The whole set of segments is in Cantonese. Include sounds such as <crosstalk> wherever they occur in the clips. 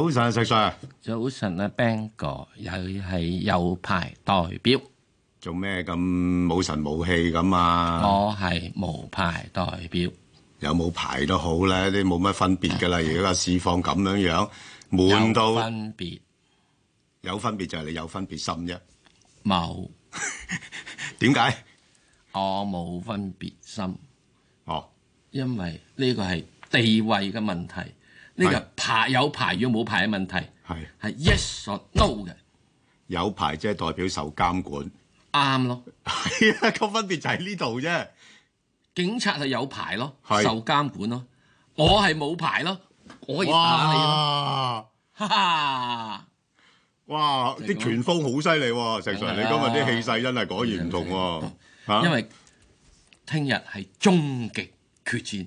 早晨，石 Sir。早晨啊，Ben 哥又係有牌代表。做咩咁冇神冇氣咁啊？我係無牌代表。有冇牌都好啦，你冇乜分別噶啦。而家個市況咁樣樣，滿到分別。有分別就係你有分別心啫。冇。點解？我冇分別心。哦。因為呢個係地位嘅問題。呢個牌有牌與冇牌嘅問題，係係 yes or no，嘅有牌即係代表受監管啱咯，個分別就喺呢度啫。警察係有牌咯，受監管咯，我係冇牌咯，我而打你。哇，哈哈，哇，啲拳風好犀利喎，石 Sir，你今日啲氣勢真係果然唔同喎。吓，因為聽日係終極決戰。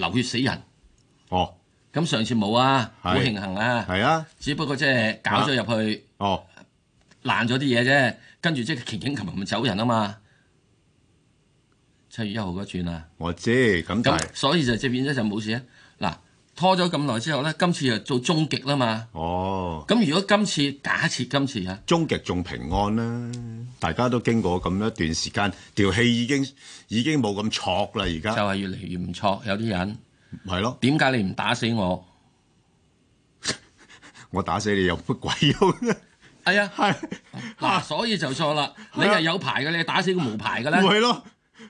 流血死人哦！咁上次冇啊，好是慶幸啊！係啊，只不過即係搞咗入去，啊、哦，爛咗啲嘢啫，跟住即係擒擒青咪走人啊嘛！七月一號嗰轉啊，我知咁但係，所以就變咗就冇事啊。拖咗咁耐之後咧，今次就做終極啦嘛！哦，咁如果今次假設今次啊，終極仲平安啦，啊，大家都經過咁一段時間，條氣已經已經冇咁挫啦，而家就係越嚟越唔錯，有啲人係咯，點解的你唔打死我？ <laughs> 我打死你又乜鬼用？係啊，係嗱，所以就錯啦！你係有牌嘅，你打死個無牌嘅咧，唔係咯。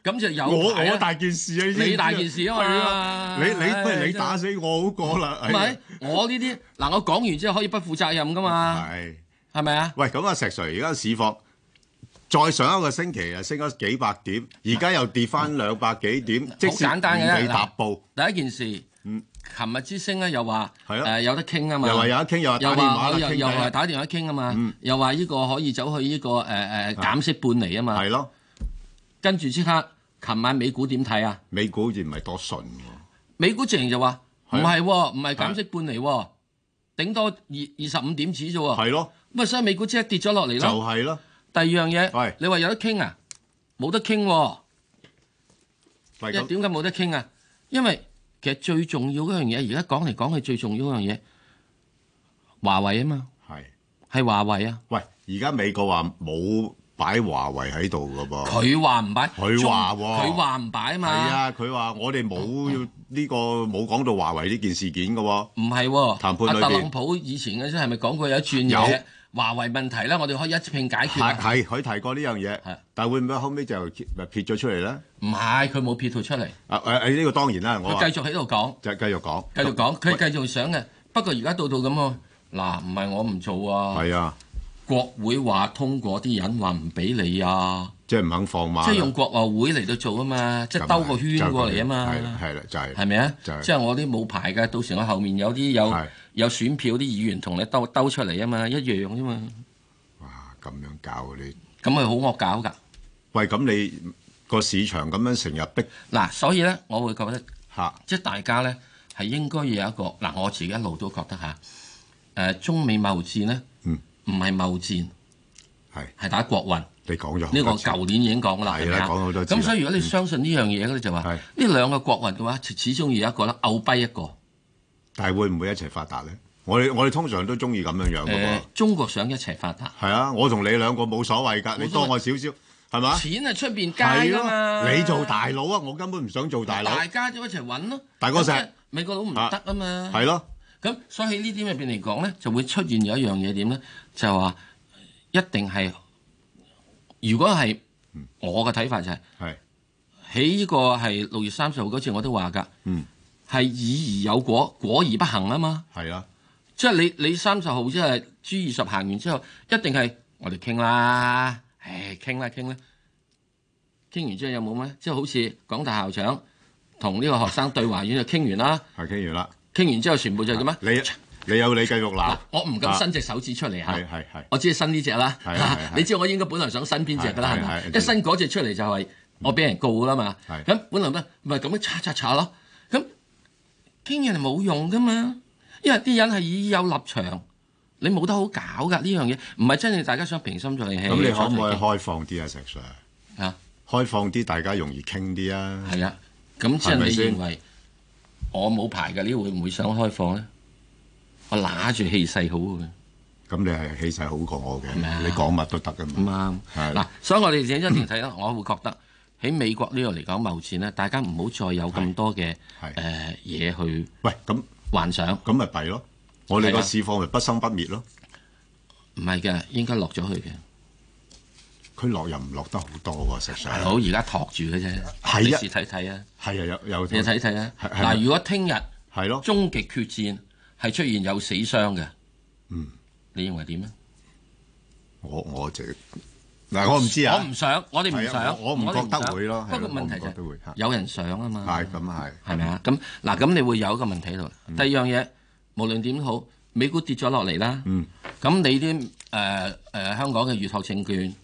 咁就有我大件事啊！你大件事啊嘛，你你不如你打死我好過啦。係咪？我呢啲嗱，我講完之後可以不負責任噶嘛？係係咪啊？喂，咁阿石 Sir 而家市況再上一個星期啊，升咗幾百點，而家又跌翻兩百幾點，好簡單嘅啦。踏步第一件事，嗯，琴日之星咧又話係咯，誒有得傾啊嘛，又話有得傾，又話打電話傾，又話打電話傾啊嘛，又話呢個可以走去呢個誒誒減息半厘啊嘛，係咯。跟住即刻，琴晚美股點睇啊？美股好似唔係多順喎、啊。美股直情就話唔係喎，唔係減息半釐喎、啊，啊、頂多二二十五點子啫喎。係咯，咁啊，所以美股即刻跌咗落嚟咯。就係咯、啊。第二樣嘢，喂你話有得傾啊？冇得傾喎、啊。點解冇得傾啊？因為其實最重要嗰樣嘢，而家講嚟講去最重要嗰樣嘢，華為啊嘛。係係華為啊。啊喂，而家美國話冇。擺華為喺度㗎噃，佢話唔擺，佢話喎，佢話唔擺啊嘛。係啊，佢話我哋冇呢個冇講到華為呢件事件㗎喎。唔係，談判裏邊，阿特朗普以前嘅即係咪講過有一轉嘢，華為問題咧，我哋可以一拼解決。係係，佢提過呢樣嘢。係，但會唔會後尾就撇撇咗出嚟咧？唔係，佢冇撇脱出嚟。誒誒誒，呢個當然啦，我繼續喺度講，就係繼續講，繼續講，佢繼續想嘅。不過而家到到咁喎，嗱，唔係我唔做啊。係啊。國會話通過啲人話唔俾你啊，即係唔肯放馬，即係用國外會嚟到做啊嘛，即係兜個圈過嚟啊嘛，係啦係啦，就係，係咪啊？就係，即係我啲冇牌嘅，到時我後面有啲有有選票啲議員同你兜兜出嚟啊嘛，一樣啫嘛。哇，咁樣搞㗎你，咁咪好惡搞㗎？喂，咁你個市場咁樣成日逼嗱，所以咧，我會覺得嚇，即係大家咧係應該要有一個嗱，我自己一路都覺得嚇，誒中美貿戰呢。唔係貿戰，係係打國運。你講咗呢個舊年已經講啦。係啦，講咗好多。咁所以如果你相信呢樣嘢咧，就話呢兩個國運嘅話，始始終要有一個啦，拗跛一個。但係會唔會一齊發達咧？我哋我哋通常都中意咁樣樣嘅喎。中國想一齊發達。係啊，我同你兩個冇所謂㗎，你多我少少，係嘛？錢啊，出邊街㗎嘛。你做大佬啊，我根本唔想做大佬。大家就一齊揾咯。大哥成，美國佬唔得啊嘛。係咯。咁所以喺呢啲入邊嚟講咧，就會出現有一樣嘢點咧，就話、是、一定係，如果係我嘅睇法就係、是，喺呢、嗯、個係六月三十號嗰次我都話噶，係、嗯、以而有果，果而不行啊嘛。係啊，即係你你三十號即係 G 二十行完之後，一定係我哋傾啦，唉傾啦傾啦。傾完之後有冇咩？即係好似港大校長同呢個學生對話 <laughs> 完就、啊、傾、嗯、完啦，係傾完啦。傾完之後全部就係咁啊！你你有你繼續鬧，我唔敢伸隻手指出嚟吓，係係係，我只係伸呢隻啦。係你知道我應該本來想伸邊隻噶啦，係咪？一伸嗰隻出嚟就係我俾人告啦嘛。咁本來咧，唔係咁樣擦擦擦咯。咁傾人係冇用噶嘛，因為啲人係已有立場，你冇得好搞噶呢樣嘢，唔係真正大家想平心靜氣。咁你可唔可以開放啲啊，石 Sir？啊，開放啲大家容易傾啲啊。係啊，咁即係你認為？我冇牌㗎，你會唔會想開放咧？我揦住氣勢好嘅。咁你係氣勢好過我嘅，你講乜都得㗎嘛。咁啱，嗱，所以我哋整出嚟睇咧，我會覺得喺美國呢度嚟講貿戰咧，大家唔好再有咁多嘅誒嘢去喂咁幻想，咁咪弊咯。我哋個市況咪不生不滅咯。唔係嘅，應該落咗去嘅。佢落又唔落得好多喎，實上好而家托住嘅啫。幾時睇睇啊？係啊，有有睇睇啊。嗱，如果聽日係咯，終極決戰係出現有死傷嘅，嗯，你認為點咧？我我就嗱，我唔知啊。我唔想，我哋唔想，我唔覺得會咯。不過問題啫，有人想啊嘛。係咁係係咪啊？咁嗱，咁你會有一個問題度。第二樣嘢，無論點好，美股跌咗落嚟啦。咁你啲誒誒香港嘅越學證券。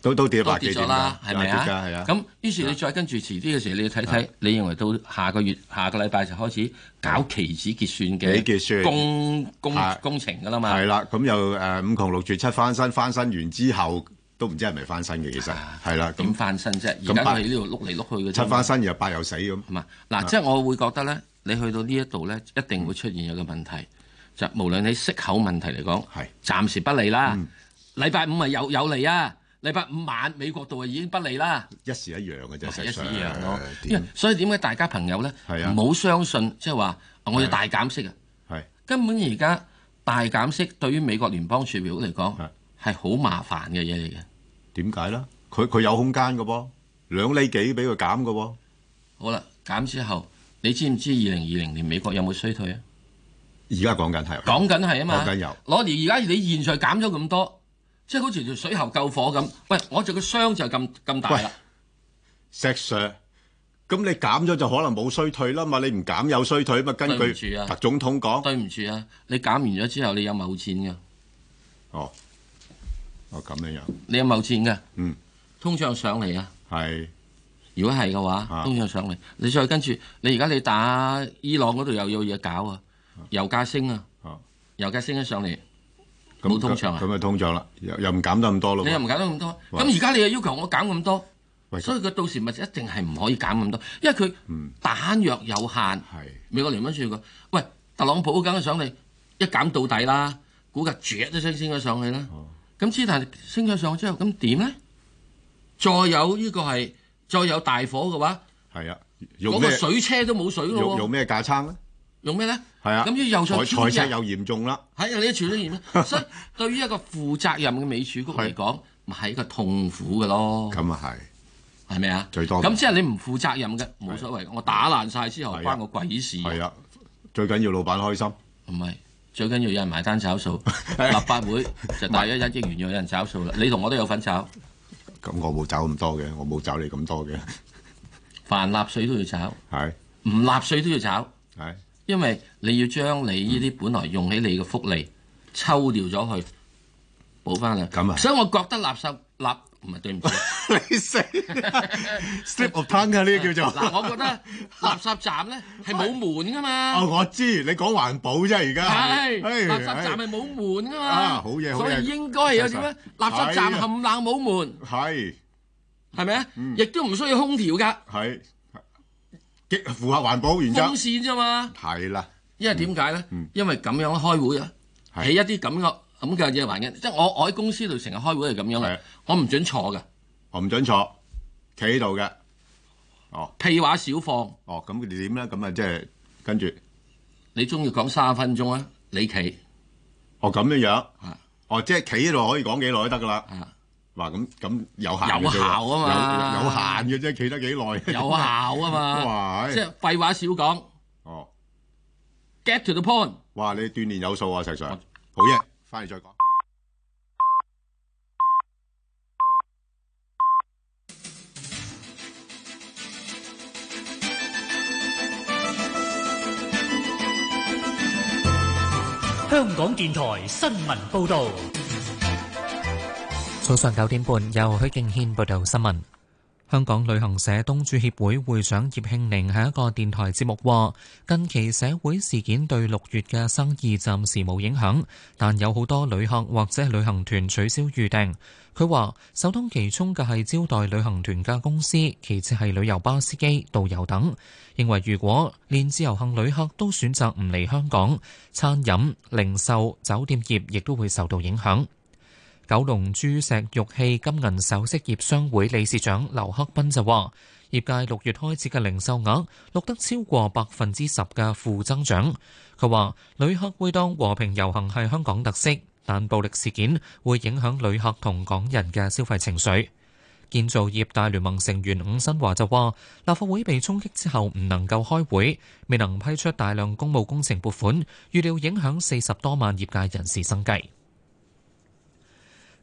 都都跌百幾咗啦，係咪啊？咁於是你再跟住遲啲嘅時候，你要睇睇。你認為到下個月、下個禮拜就開始搞期指結算嘅結算工工工程㗎啦嘛？係啦，咁又誒五窮六絕七翻身，翻身完之後都唔知係咪翻身嘅，其實係啦。點翻身啫？而家喺呢度碌嚟碌去嘅。七翻身又八又死咁係嘛？嗱，即係我會覺得咧，你去到呢一度咧，一定會出現有個問題，就無論你息口問題嚟講，係暫時不利啦。禮拜五咪有有嚟啊！禮拜五晚美國度啊已經不利啦，一時一樣嘅啫，一時一樣咯。因為所以點解大家朋友咧唔好相信即係話我要大減息啊？係根本而家大減息對於美國聯邦儲備局嚟講係好麻煩嘅嘢嚟嘅。點解咧？佢佢有空間嘅噃，兩釐幾俾佢減嘅喎。好啦，減之後你知唔知二零二零年美國有冇衰退啊？而家講緊係講緊係啊嘛，講緊有。攞嚟而家你現在減咗咁多。即係好似條水喉救火咁，喂！我隻個箱就咁咁大啦。石 Sir，咁你減咗就可能冇衰退啦嘛？你唔減有衰退啊嘛？根據特總統講。對唔住啊，你減完咗之後，你有冇錢噶？哦，哦咁樣樣。你有冇錢噶？嗯。通脹上嚟啊。係。如果係嘅話，通脹上嚟。你再跟住，你而家你打伊朗嗰度又有嘢搞啊，油價升啊，油價升一上嚟。冇通脹、啊、通脹啊！咁咪通脹啦，又又唔減得咁多咯，你又唔減得咁多，咁而家你又要求我減咁多，喂所以佢到時咪一定係唔可以減咁多，因為佢彈藥有限。係、嗯、美國零蚊算過，的喂，特朗普梗係上嚟，一減到底啦，估計住都先升咗上去啦。咁之、哦、但升咗上去之後，咁點咧？再有呢個係再有大火嘅話，係啊，嗰個水車都冇水，用咩架撐咧？用咩咧？係啊，咁要又財政又嚴重啦。係啊，你處理得嚴啦，所以對於一個負責任嘅美儲局嚟講，咪係一個痛苦嘅咯。咁啊係，係咪啊？最多咁即係你唔負責任嘅，冇所謂。我打爛晒之後關我鬼事。係啊，最緊要老闆開心。唔係最緊要有人埋單找數，立法會就大約一億元又有人找數啦。你同我都有份找，咁我冇找咁多嘅，我冇找你咁多嘅。凡納稅都要找，係唔納稅都要找，係。因為你要將你呢啲本來用喺你嘅福利抽掉咗去補翻啦，所以我覺得垃圾垃唔係，對唔住，你食 slip of tongue 噶，呢個叫做。嗱，我覺得垃圾站咧係冇門噶嘛。哦，我知你講環保啫，而家。係。垃圾站係冇門噶嘛。啊，好嘢，好嘢。所以應該係有啲咩垃圾站冚冷冇門。係。係咪啊？嗯。亦都唔需要空調噶。係。符合環保原則。風扇啫嘛。係啦。因為點解咧？因為咁樣開會啊，喺一啲咁嘅咁嘅嘢環境。即係我我喺公司度成日開會係咁樣嚟，我唔准坐㗎。我唔准坐，企喺度嘅。哦。屁話少放。哦，咁佢哋點咧？咁啊，即係跟住。你中意講三分鐘啊？你企。哦，咁樣樣。啊。哦，即係企喺度可以講幾耐都得㗎啦。嗱，咁咁有限嘅啫，有效啊嘛，有限嘅啫，企得幾耐？有效啊嘛，即係廢話少講。哦，Get to the point。哇，你鍛煉有數啊，石 Sir。好嘢，翻嚟再講。香港電台新聞報道。早上九點半，由許敬軒報道新聞。香港旅行社東主協會會長葉慶寧喺一個電台節目話，近期社會事件對六月嘅生意暫時冇影響，但有好多旅客或者旅行團取消預訂。佢話首當其衝嘅係招待旅行團嘅公司，其次係旅遊巴司機、導遊等。認為如果連自由行旅客都選擇唔嚟香港，餐飲、零售、酒店業亦都會受到影響。九龍珠石玉器金銀首飾業商會理事長劉克斌就話：業界六月開始嘅零售額錄得超過百分之十嘅負增長。佢話旅客會當和平遊行係香港特色，但暴力事件會影響旅客同港人嘅消費情緒。建造業大聯盟成員伍新華就話：立法會被衝擊之後唔能夠開會，未能批出大量公務工程撥款，預料影響四十多萬業界人士生計。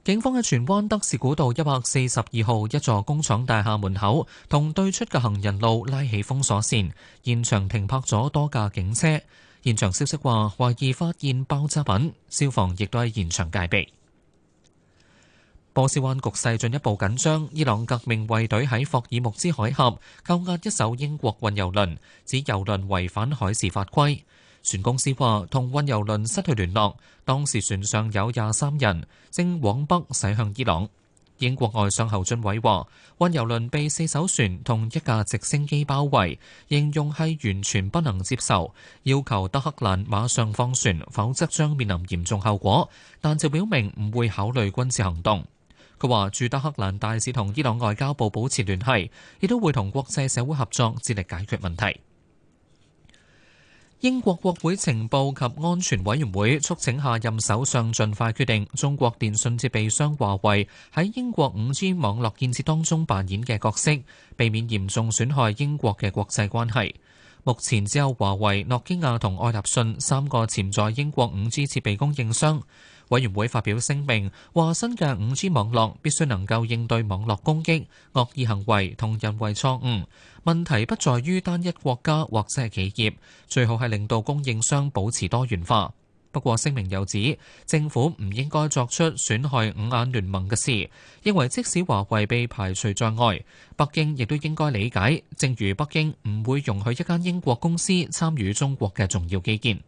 警方喺荃灣德士古道一百四十二號一座工廠大廈門口同對出嘅行人路拉起封鎖線，現場停泊咗多架警車。現場消息話，懷疑發現爆炸品，消防亦都喺現場戒備。波斯灣局勢進一步緊張，伊朗革命衛隊喺霍爾木茲海峽扣押一艘英國運油輪，指油輪違反海事法規。船公司話,同運油輪失去聯絡當時船上有廿三人,正往北駛向伊朗。英國外相侯俊偉話,運油輪被四艘船同一架直升機包圍應用係完全不能接受,要求德克蘭馬上放船否則將面臨嚴重後果,但就表明唔會考慮軍事行動。佢話,駐德克蘭大使同伊朗外交部保持聯繫,亦都會同國際社會合作致力解決問題。英國國會情報及安全委員會促請下任首相盡快決定，中國電信設備商華為喺英國 5G 網絡建設當中扮演嘅角色，避免嚴重損害英國嘅國際關係。目前只有華為、諾基亞同愛立信三個潛在英國 5G 設備供應商。委員會發表聲明，話新嘅 5G 網絡必須能夠應對網絡攻擊、惡意行為同問題不在於單一國家或者係企業，最好係令到供應商保持多元化。不過聲明又指，政府唔應該作出損害五眼聯盟嘅事，認為即使華為被排除在外，北京亦都應該理解，正如北京唔會容許一間英國公司參與中國嘅重要基建。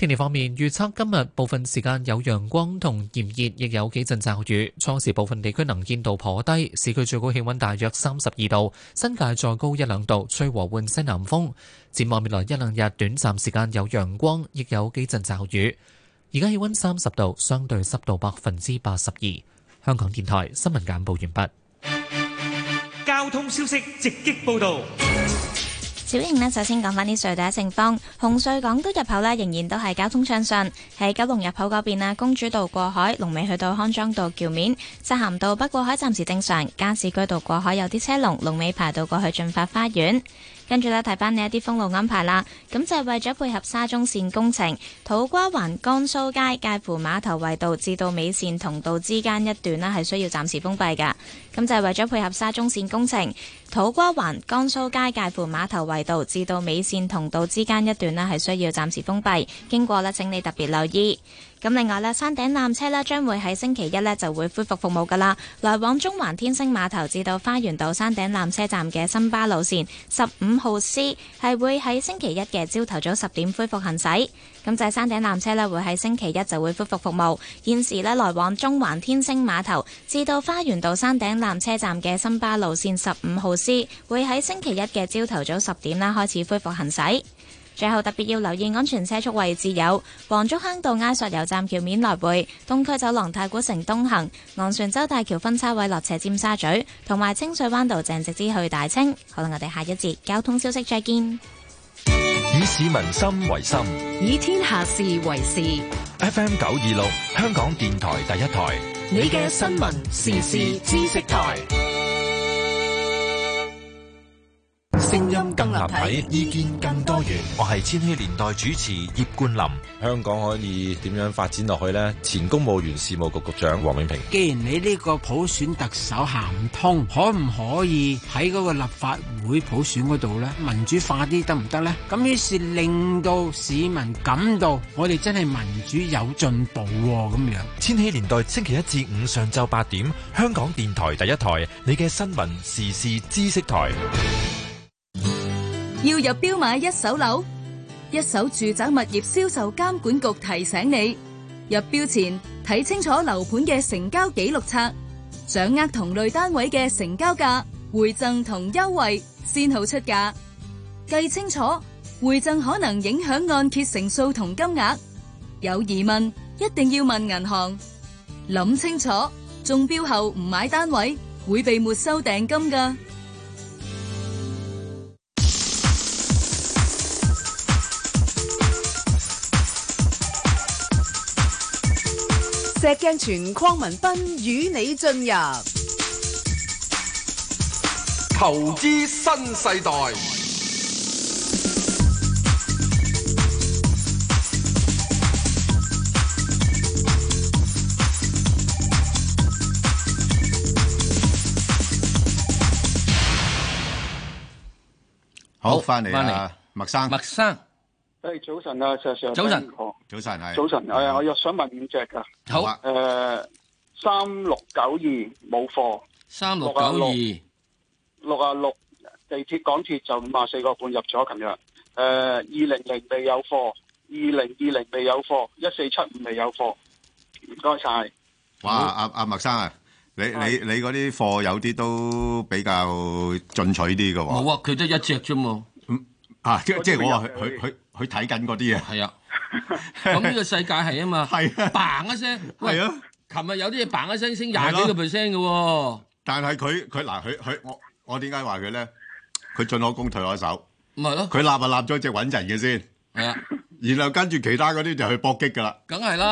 天氣方面，預測今日部分時間有陽光同炎熱，亦有幾陣驟雨。初時部分地區能見度頗低，市區最高氣溫大約三十二度，新界再高一兩度，吹和緩西南風。展望未來一兩日，短暫時間有陽光，亦有幾陣驟雨。而家氣溫三十度，相對濕度百分之八十二。香港電台新聞簡報完畢。交通消息直擊報道。小穎呢，首先講返啲隧道嘅情況。紅隧港島入口呢，仍然都係交通暢順。喺九龍入口嗰邊啊，公主道過海，龍尾去到康莊道橋面；漆咸道北過海暫時正常，加士居道過海有啲車龍，龍尾排到過去駿發花園。跟住咧，提返你一啲封路安排啦。咁就係為咗配合沙中線工程，土瓜灣江蘇街介乎馬頭圍道至到美善同道之間一段呢係需要暫時封閉嘅。咁就係為咗配合沙中線工程，土瓜灣江蘇街介乎馬頭圍道至到美善同道之間一段呢係需要暫時封閉。經過呢，請你特別留意。咁另外咧，山頂纜車呢將會喺星期一呢就會恢復服務噶啦。來往中環天星碼頭至到花園道山頂纜車站嘅新巴路線十五號 C 係會喺星期一嘅朝頭早十點恢復行駛。咁就係山頂纜車呢會喺星期一就會恢復服務。現時呢，來往中環天星碼頭至到花園道山頂纜車站嘅新巴路線十五號 C 會喺星期一嘅朝頭早十點啦開始恢復行駛。最後特別要留意安全車速位置有黃竹坑道埃索油站橋面來回、東區走廊、太古城東行、昂船洲大橋分叉位、落斜尖沙咀同埋清水灣道鄭直之去大清。好啦，我哋下一節交通消息再見。以市民心為心，以天下事為事。FM 九二六，香港電台第一台，你嘅新聞時事知識台。聲音更立體，意見更多元。我係千禧年代主持葉冠霖。香港可以點樣發展落去呢？前公務員事務局局長王永平，既然你呢個普選特首行唔通，可唔可以喺嗰個立法會普選嗰度呢，民主化啲得唔得呢？咁於是令到市民感到我哋真係民主有進步咁啊樣。千禧年代星期一至五上晝八點，香港電台第一台，你嘅新聞時事知識台。要入標買一手樓,一手住宅物業銷售監管局提醒你。入標前,睇清楚樓盤嘅成交紀錄冊,掌握同類單位嘅成交價,回贈同優惠,先好出價。計清楚,回贈可能影響按揭成數同金額。有疑問,一定要問銀行。諗清楚,中標後唔買單位,會被沒收訂金㗎。石鏡泉鄺民彬，與你進入投資新世代。好，翻嚟，翻嚟啊，麥生。誒，早晨啊，石 Sir。早晨，早晨係。早晨，我我又想問五隻噶。好，啊。誒、呃，三六九二冇貨。三六九二，六啊六。地鐵港鐵就五啊四個半入咗，琴、呃、日。誒，二零零未有貨，二零二零未有貨，一四七五未有貨。唔該晒。哇，阿阿麥生啊，生你的你你嗰啲貨有啲都比較進取啲嘅喎。冇啊，佢得一隻啫嘛。啊，即係即係我話佢佢。啊啊啊佢睇緊嗰啲嘢，係啊。咁呢個世界係啊嘛，係 bang 一聲，係啊，琴日有啲嘢 bang 一聲升廿幾個 percent 嘅喎。但係佢佢嗱佢佢我我點解話佢咧？佢進可攻退可守，唔係咯。佢立啊立咗隻穩陣嘅先，係啊，然後跟住其他嗰啲就去搏擊㗎啦。梗係啦，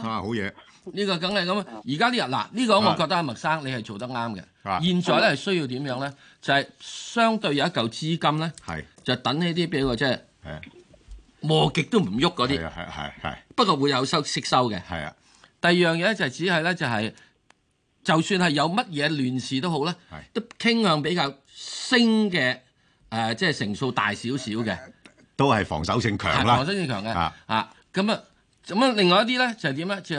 啊好嘢，呢個梗係咁。而家啲人嗱呢個，我覺得麥生你係做得啱嘅。啊，現在咧係需要點樣咧？就係相對有一嚿資金咧，係就等呢啲俾個即係。磨極都唔喐嗰啲，係啊，係，不過會有收息收嘅。係啊。第二樣嘢就係只係咧就係，就算係有乜嘢亂事都好咧，都傾向比較升嘅，誒即係成數大少少嘅，都係防守性強啦。防守性強嘅。啊啊咁啊，咁啊，另外一啲咧就係點咧？就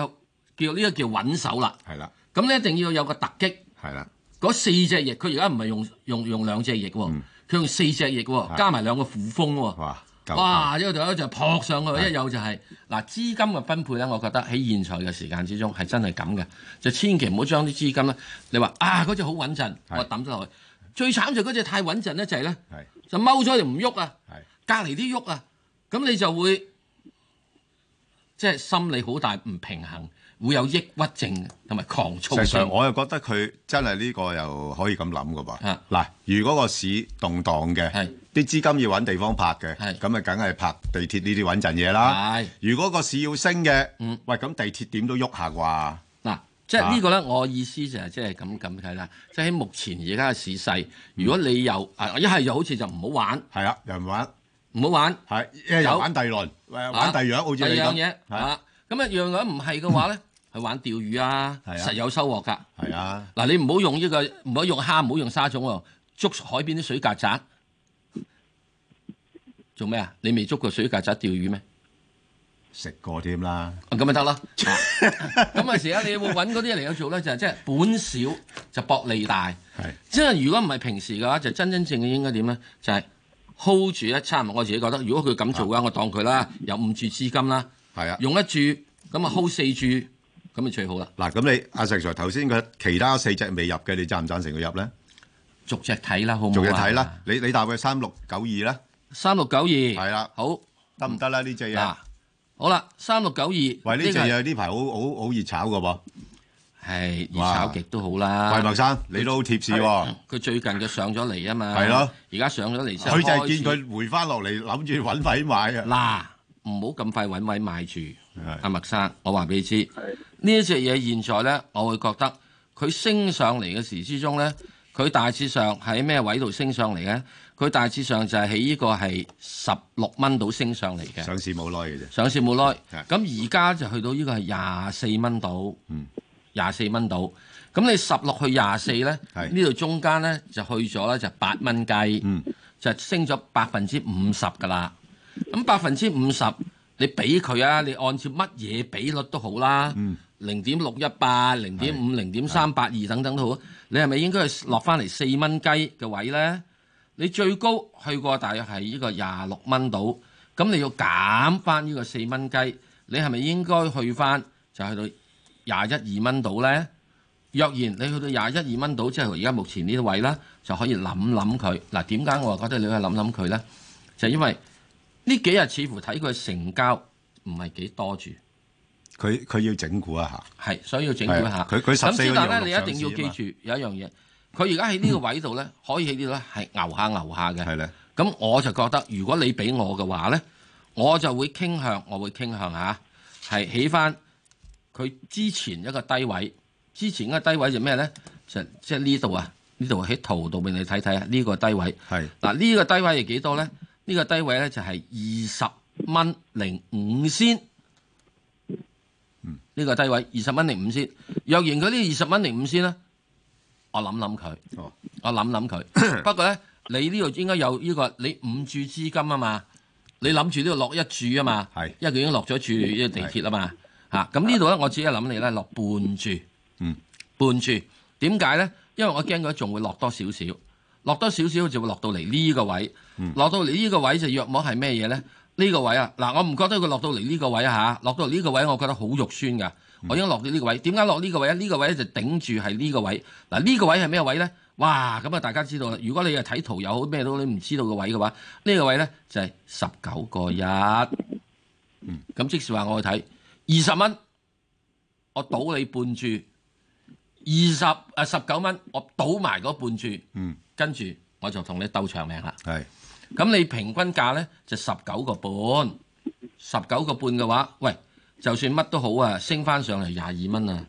叫呢個叫穩守啦。係啦。咁你一定要有個突擊。係啦。嗰四隻翼佢而家唔係用用用兩隻翼喎，佢用四隻翼喎，加埋兩個副鋒喎。就哇！呢有就一個就撲上去，的一有就係，是，嗱資金嘅分配咧。我覺得喺現在嘅時間之中係真係咁嘅，就千祈唔好將啲資金咧。你話啊，嗰隻好穩陣，的我抌咗落去。最慘就嗰隻太穩陣咧，就係，是，咧的就踎咗就唔喐啊。隔離啲喐啊，咁你就會即係，就是、心理好大唔平衡，會有抑鬱症同埋狂躁症。其實我又覺得佢真係呢、這個又可以咁諗嘅噃。嗱的，如果個市動盪嘅。的啲資金要揾地方拍嘅，咁咪梗係拍地鐵呢啲穩陣嘢啦。如果個市要升嘅，喂咁地鐵點都喐下啩嗱，即係呢個咧，我意思就係即係咁咁睇啦。即係喺目前而家嘅市勢，如果你又，啊，一係就好似就唔好玩，係啊，人玩唔好玩係，一又玩第二輪，誒玩第二樣，好似你咁樣嘢啊。咁一樣樣唔係嘅話咧，係玩釣魚啊，實有收穫噶。係啊，嗱你唔好用呢個唔好用蝦，唔好用沙蟲喎，捉海邊啲水曱甴。做咩啊？你未捉過水曱甴釣魚咩？食過添啦。咁咪得啦。咁咪而家你會揾嗰啲嚟去做咧，就係即係本少就薄利大。係是。即係如果唔係平時嘅話，就真真正嘅應該點咧？就係、是、hold 住一餐。我自己覺得，如果佢咁做嘅話，啊、我當佢啦，有五注資金啦。係啊。用一注，咁啊 hold 四注，咁啊最好啦。嗱、啊，咁你阿、啊、石 Sir 頭先佢其他四隻未入嘅，你贊唔贊成佢入咧？逐隻睇啦，好唔好逐隻睇啦。你、啊、你答佢三六九二啦。三六九二，係啦的，好得唔得啦？呢隻嘢，嗯、好啦，三六九二，喂，呢隻嘢呢排好好好熱炒噶噃，係熱炒極都好啦。喂，麥生，你都好貼士、啊，佢最近嘅上咗嚟啊嘛，係咯的，而家上咗嚟，佢就見佢回翻落嚟，諗住揾位買啊。嗱，唔好咁快揾位買住。阿麥的、啊、生，我話俾你知，呢隻嘢現在咧，我會覺得佢升上嚟嘅時之中咧，佢大致上喺咩位度升上嚟嘅？佢大致上就係喺呢個係十六蚊度升上嚟嘅，上市冇耐嘅啫。上市冇耐，咁而家就去到個、嗯、去呢個係廿四蚊度，廿四蚊度，咁你十六去廿四咧，呢度中間咧就去咗咧就八蚊雞，嗯、就升咗百分之五十㗎啦。咁百分之五十，你俾佢啊，你按照乜嘢比率都好啦，零點六一八、零點五、零點三八二等等都好。你係咪應該係落翻嚟四蚊雞嘅位咧？你最高去過大約係呢個廿六蚊度，咁你要減翻呢個四蚊雞，你係咪應該去翻就去到廿一二蚊度呢？若然你去到廿一二蚊度，之後而家目前呢啲位啦，就可以諗諗佢。嗱，點解我話覺得你去諗諗佢呢？就係、因為呢幾日似乎睇佢成交唔係幾多住，佢佢要整固一下，係，所以要整固一下。佢十四個上市嘛，你一定要記住有一樣嘢。佢而家喺呢個位度咧，可以喺呢度咧係牛下牛下嘅，係啦。咁我就覺得，如果你俾我嘅話咧，我就會傾向，我會傾向嚇，係起翻佢之前一個低位，之前一個低位就咩咧？就即係呢度啊，呢度喺圖度俾你睇睇啊，呢個低位。係。嗱，呢個低位係幾多咧？呢個低位咧就係二十蚊零五仙。嗯。呢個低位二十蚊零五仙。若然佢呢二十蚊零五仙咧？我諗諗佢，我諗諗佢。 <coughs> 不過咧，你呢度應該有呢、這個，你五注資金啊嘛，你諗住呢度落一注啊嘛，係是，因為佢已經落咗注呢個地鐵啦嘛。吓是，咁呢度咧，我只係諗你咧落半注，嗯，半注。點解咧？因為我驚佢仲會落多少少，落多少少就會落到嚟呢個位，落到嚟呢個位就約莫係咩嘢咧？呢個位啊，嗱、嗯，這個，我唔覺得佢落到嚟呢個位啊吓，落到嚟呢個位，我覺得好肉酸噶。我已經落咗呢個位，點解落呢個位？呢、這、呢個位就頂住係呢個位。嗱呢、這個位係咩位呢？哇！咁啊，大家知道啦。如果你係睇圖又好咩都你唔知道個位嘅話，呢、這個位呢就係十九個一。嗯，咁即是話我去睇二十蚊，我賭你半注，二十誒十九蚊，我賭埋嗰半注。嗯，跟住我就同你鬥長命啦。係是，咁你平均價呢，就十九個半，十九個半嘅話，喂。就算乜都好啊，升翻上嚟廿二蚊啊，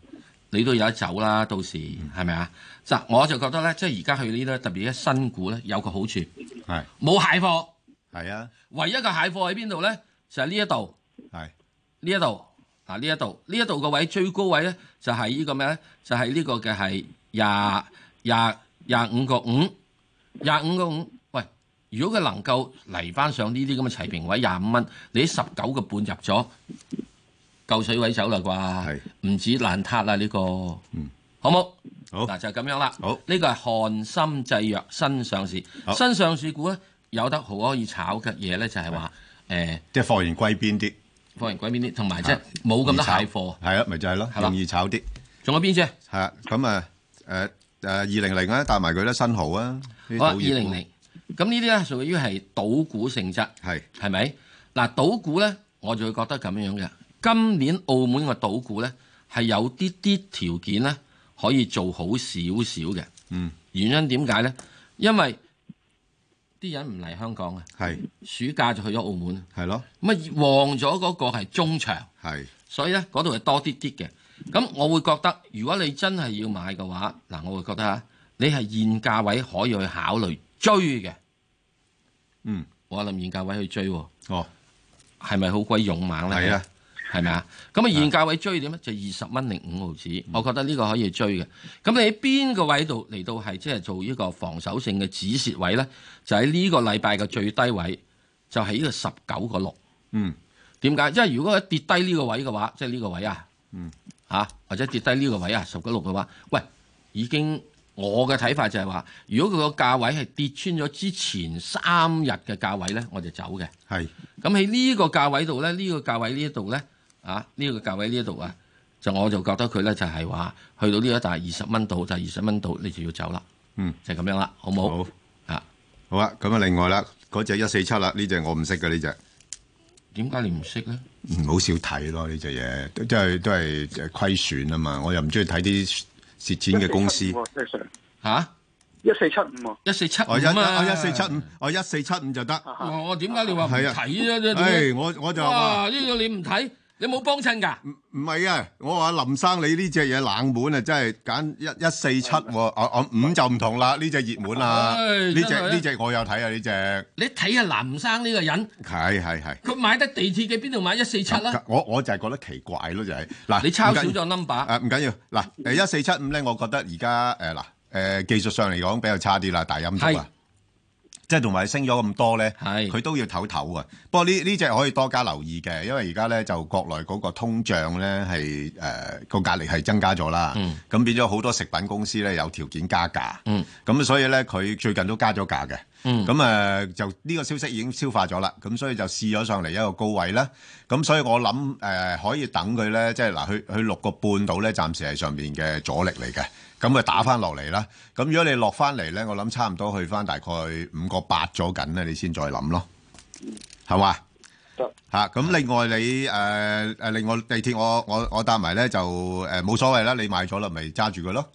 你都有得走啦。到時係咪啊？嗱、嗯，我就覺得咧，即係而家去呢啲特別啲新股咧，有個好處係冇蟹貨係啊。唯一個蟹貨喺邊度咧？就係呢一度係，呢一度啊，呢一度呢一度，個位最高位咧，就係、是、呢個咩咧？就係、是、呢個嘅係廿廿廿五個五廿五個五。喂，如果佢能夠嚟翻上呢啲咁嘅齊平位廿五蚊，你喺十九個半入咗。夠水位走啦啩，係唔止爛撻啦呢個。嗯，好冇好嗱，就咁樣啦，好呢個係翰森製藥新上市，新上市股咧有得好可以炒嘅嘢咧，就係話誒，即係貨源歸邊啲貨源歸邊啲，同埋即係冇咁多蟹貨係啦，咪就係咯，容易炒啲，仲有邊隻係咁啊？誒誒，二零零咧帶埋佢咧新濠啊，二零零咁呢啲咧屬於係賭股性質，係係咪嗱？賭股咧我就會覺得咁樣嘅。今年澳門嘅賭股呢，係有啲啲條件呢，可以做好少少嘅。嗯，原因點解呢？因為啲人唔嚟香港啊，係是暑假就去咗澳門。係咯的，咁啊旺咗嗰個係中場。係是，所以呢嗰度係多啲啲嘅。咁我會覺得，如果你真係要買嘅話，嗱，我會覺得啊，你係現價位可以去考慮追嘅。嗯，我諗現價位去追喎。哦，係咪好鬼勇猛呢？係啊的！係咪啊？咁啊現價位追點咧？就二十蚊零五毫子，嗯、我覺得呢個可以追嘅。咁你喺邊個位度嚟到係即係做呢個防守性嘅止蝕位咧？就喺呢個禮拜嘅最低位，就喺、係、呢個十九個六。嗯，點解？因為如果跌低呢個位嘅話，即係呢個位啊，嗯，嚇、啊、或者跌低呢個位啊，十九六嘅話，喂，已經我嘅睇法就係話，如果佢個價位係跌穿咗之前三日嘅價位咧，我就走嘅。係是。咁喺呢個價位度咧，呢個價位呢一度咧。呢個啊！呢個價位呢一度啊，就我就覺得佢咧就係話去到呢一大二十蚊度，就係二十蚊度，你就要走啦。嗯，就咁樣啦，好唔好？好啊，好啊。咁啊，另外啦，嗰隻一四七啦，呢隻我唔識嘅呢隻，點解你唔識咧？唔好少睇咯，呢隻嘢即係都係虧損啊嘛。我又唔中意睇啲蝕錢嘅公司。吓，一四七五一四七五一四七五，我一四七五就得。我點解你話唔睇啫？唉，我我就呢個你唔睇？你冇幫襯㗎？唔唔係啊！我話林生，你呢隻嘢冷門啊，真係揀一一四七哦、啊、哦、哎啊、五就唔同啦，呢隻熱門啊，呢隻呢隻我有睇啊，呢隻你睇下林生呢個人係係係，佢買得地鐵嘅邊度買一四七啦、啊啊？我我就係覺得奇怪咯，就係、是、嗱 <laughs> 來你抄少咗 number 誒唔緊要，嗱誒一四七五咧，啊、我覺得而家誒嗱誒技術上嚟講比較差啲啦，大陰線。即係同埋升咗咁多咧，佢都要唞唞啊。不過呢呢隻可以多加留意嘅，因為而家咧就國內嗰個通脹咧係誒個壓力係增加咗啦。咁變咗好多食品公司咧有條件加價。咁所以咧佢最近都加咗價嘅。咁誒就呢個消息已經消化咗啦。咁所以就試咗上嚟一個高位啦。咁所以我諗誒可以等佢咧，即係嗱去去六個半度咧，暫時係上面嘅阻力嚟嘅。咁咪打翻落嚟啦！咁如果你落翻嚟咧，我諗差唔多去翻大概五個八咗緊咧，你先再諗咯，係嘛？嚇、嗯！咁、啊、另外你誒誒、呃、另外地鐵我我我帶埋咧就誒冇、呃、所謂啦，你買咗啦咪揸住佢咯，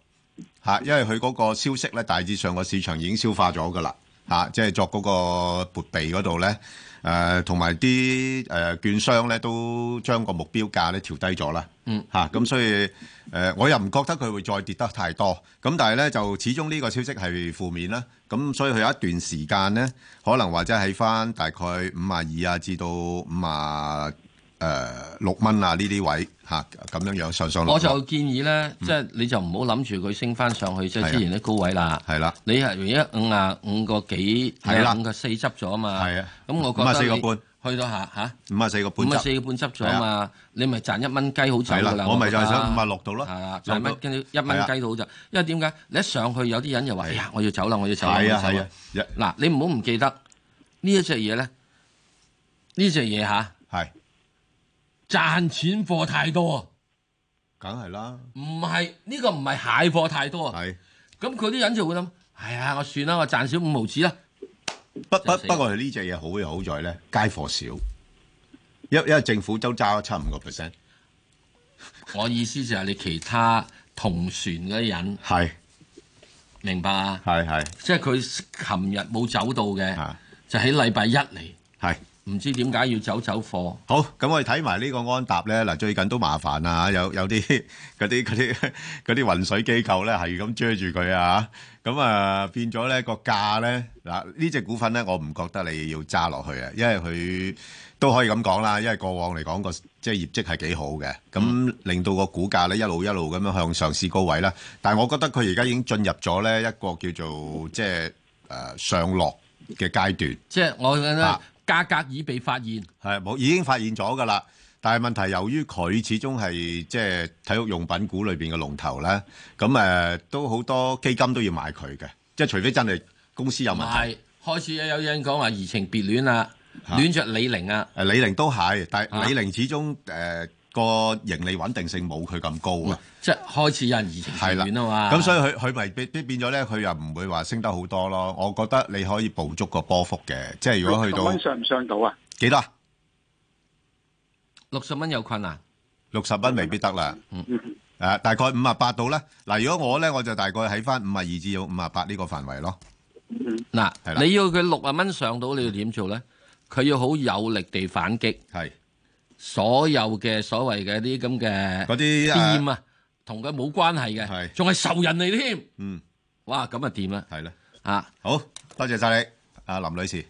嚇、啊！因為佢嗰個消息咧大致上個市場已經消化咗噶啦，嚇、啊！即係作嗰個撥備嗰度咧。誒同埋啲誒券商咧，都將個目標價咧調低咗啦。嗯，嚇咁、啊、所以誒、呃，我又唔覺得佢會再跌得太多。咁但係咧，就始終呢個消息係負面啦。咁所以佢有一段時間咧，可能或者喺翻大概五萬二啊，至到五萬。誒六蚊啊！呢啲位嚇咁樣樣上上落落，我就建議咧，即係你就唔好諗住佢升翻上去，即係之前啲高位啦。係啦，你係一五啊五個幾？係啦，五個四執咗嘛。係啊，咁我覺得五啊四個半去到下嚇，五啊四個半。五啊四個半執咗嘛，你咪賺一蚊雞好賺。係啦，我咪就係想五啊六度咯，一蚊雞一蚊雞好賺。因為點解你一上去有啲人就話，哎呀，我要走啦，我要走。係啊係啊，嗱，你唔好唔記得呢一隻嘢咧，呢隻嘢嚇係。賺錢貨太多，梗係啦。唔係呢個唔係蟹貨太多啊。係是，咁佢啲人就會諗，係、哎、啊，我算啦，我賺少五毫子啦。不不不過呢隻嘢，好又好在咧，街貨少，因因為政府都揸咗七五個 percent。我意思就係你其他同船嗰啲人係， <laughs> 是明白啊？係係是，即係佢琴日冇走到嘅，是就喺禮拜一嚟係。是唔知點解要走走貨？好，咁我哋睇埋呢個安踏咧，嗱最近都麻煩啊，有有啲嗰啲嗰啲啲渾水機構咧，係咁遮住佢啊！咁啊變咗咧，個價咧，嗱呢隻股份咧，我唔覺得你要揸落去啊，因為佢都可以咁講啦，因為過往嚟講個即係業績係幾好嘅，咁令到個股價咧一路一路咁樣向上市高位啦。但係我覺得佢而家已經進入咗咧一個叫做即係誒、呃、上落嘅階段。即係我覺得。啊價格已被發現，係冇已經發現咗㗎啦。但係問題，由於佢始終係即係體育用品股裏邊嘅龍頭咧，咁誒、呃、都好多基金都要買佢嘅，即係除非真係公司有問題，開始有有人講話說說移情別戀啦、啊，啊、戀着李寧啊，誒李寧都係，但係李寧始終誒。呃個盈利穩定性冇佢咁高啊，即係開始有人移情別戀啊嘛。咁所以佢佢咪變變咗咧？佢又唔會話升得好多咯。我覺得你可以捕捉個波幅嘅，即係如果去到六十蚊上唔上到啊？幾多？六十蚊有困難？六十蚊未必得啦。嗯，誒，大概五十八到咧。嗱，如果我咧，我就大概喺翻五十二至到五十八呢個範圍咯。嗱，係啦，你要佢六啊蚊上到，你要點做咧？佢要好有力地反擊，係。所有嘅所謂嘅啲咁嘅，嗰啲添啊，同佢冇關係嘅，仲係仇人嚟添。嗯，哇，咁啊，掂啊？係咧啊，好多謝晒你，阿林女士。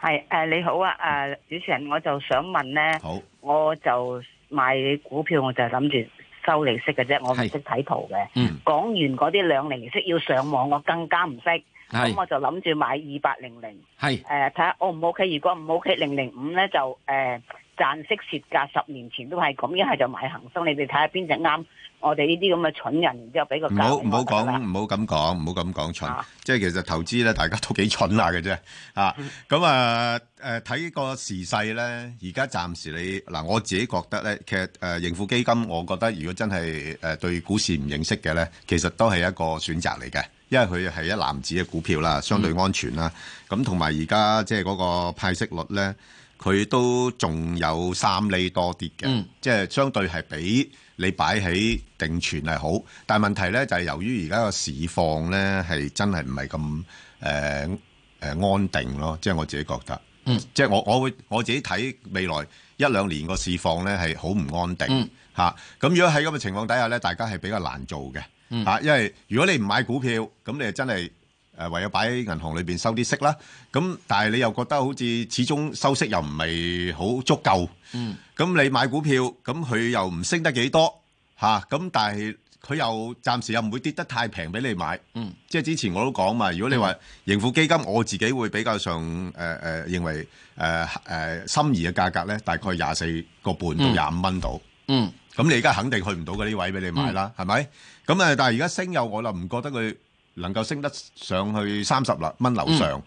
係誒，你好啊，誒，主持人，我就想問咧，好，我就買股票，我就諗住收利息嘅啫，我唔識睇圖嘅。嗯，講完嗰啲兩零息要上網，我更加唔識咁，我就諗住買二八零零，係誒，睇下 O 唔 O K？如果唔 O K，零零五咧就誒。賺息蝕價，十年前都係咁，一係就買恒生，你哋睇下邊隻啱。我哋呢啲咁嘅蠢人，然之後俾個教，唔好唔好講，唔好咁講，唔好咁講蠢。即係、啊、其實投資咧，大家都幾蠢下嘅啫。啊，咁 <laughs> 啊誒，睇個時勢咧，而家暫時你嗱，我自己覺得咧，其實誒盈富基金，我覺得如果真係誒對股市唔認識嘅咧，其實都係一個選擇嚟嘅，因為佢係一籃子嘅股票啦，相對安全啦。咁同埋而家即係嗰個派息率咧。佢都仲有三厘多跌嘅，即係相對係比你擺喺定存係好，但係問題呢，就係、係、由於而家個市況呢，係真係唔係咁誒誒安定咯，即係我自己覺得，嗯、即係我我會我自己睇未來一兩年個市況呢，係好唔安定嚇，咁、嗯、如果喺咁嘅情況底下呢，大家係比較難做嘅嚇，嗯、因為如果你唔買股票，咁你就真係。誒，唯有擺喺銀行裏邊收啲息啦。咁，但係你又覺得好似始終收息又唔係好足夠。嗯。咁你買股票，咁佢又唔升得幾多吓？咁但係佢又暫時又唔會跌得太平俾你買。嗯。即係之前我都講嘛，如果你話盈富基金，我自己會比較上誒誒認為誒誒心儀嘅價格咧，大概廿四個半到廿五蚊度。嗯。咁你而家肯定去唔到嘅呢位俾你買啦，係咪？咁啊，但係而家升又，我就唔覺得佢。能夠升得上去三十六蚊樓上，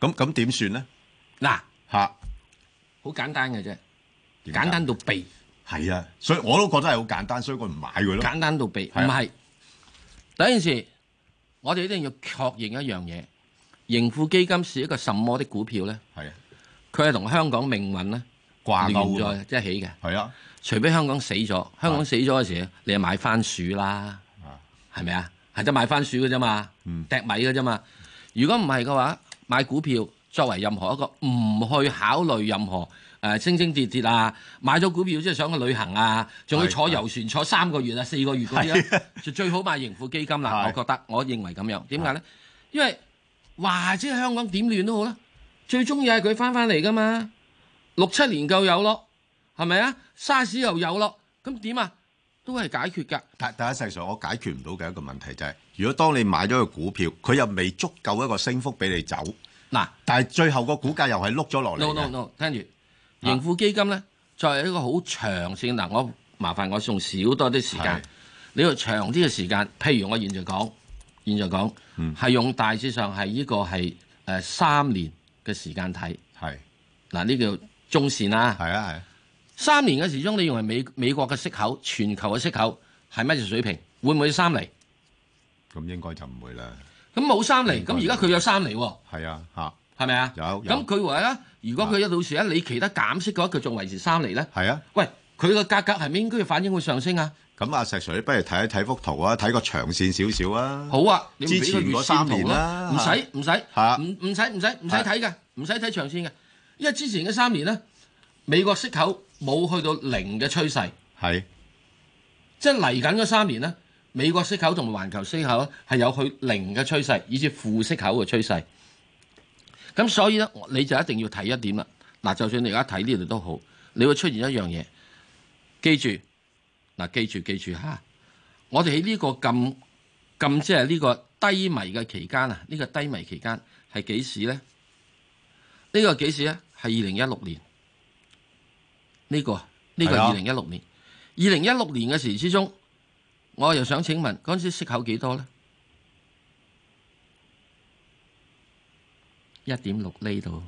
咁咁點算呢？嗱嚇喇，好喇簡單嘅啫，簡單到痹。係啊，所以我都覺得係好簡單，所以我唔買佢咯。簡單到痹，唔係、啊。第一件事，我哋一定要確認一樣嘢：盈富基金是一個什麼的股票呢？係啊，佢係同香港命運咧掛鈎喎，一係起嘅。係啊，除非香港死咗，香港死咗嘅時候，你買番薯啦，係咪啊？係得買番薯嘅啫嘛，掟、嗯、米嘅啫嘛。如果唔係嘅話，買股票作為任何一個唔去考慮任何誒、呃、升升跌跌啊，買咗股票即係想去旅行啊，仲要坐遊船是是坐三個月啊四個月嗰啲咧，是的 就最好買盈富基金啦。是的 我覺得我認為咁樣，點解咧？是的 因為或者香港點亂都好啦，最終又係佢翻翻嚟噶嘛，六七年夠有咯，係咪啊？沙士又有咯，咁點啊？都係解決㗎，但係事實上我解決唔到嘅一個問題就係、是，如果當你買咗個股票，佢又未足夠一個升幅俾你走，嗱喏，但係最後個股價又係碌咗落嚟。No no no，跟住盈富基金咧，就係一個好長線嗱，我麻煩我送少多啲時間，是你要長啲嘅時間，譬如我現在講，現在講，係用大致上係呢個係誒三年嘅時間睇，係嗱呢叫中線啦、啊，係啊係。三年嘅時鐘，你認為美美國嘅息口，全球嘅息口係乜嘢水平？會唔會三厘？咁應該就唔會啦。咁冇三厘，咁而家佢有三厘喎。係啊，吓係咪啊？有。咁佢話咧，如果佢一到時咧，你其他減息嘅話，佢仲維持三厘咧。係啊，喂，佢個價格係咪應該反應會上升啊？咁阿石水，不如睇一睇幅圖啊，睇個長線少少啊。好啊，你之前嗰三年啦，唔使唔使，唔唔使唔使唔使睇嘅，唔使睇長線嘅，因為之前嘅三年咧，美國息口。冇去到零嘅趨勢，係即係嚟緊嗰三年咧，美國息口同埋環球息口咧，係有去零嘅趨勢，以至負息口嘅趨勢。咁所以咧，你就一定要睇一點啦。嗱，就算你而家睇呢度都好，你會出現一樣嘢。記住，嗱，記住記住吓，我哋喺呢個咁咁即係呢個低迷嘅期間啊，呢個低迷期間係幾時咧？呢個幾時咧？係二零一六年。呢、個呢個二零一六年，二零一六年嘅時之中，我又想請問嗰陣時息口幾多咧？一點六厘度。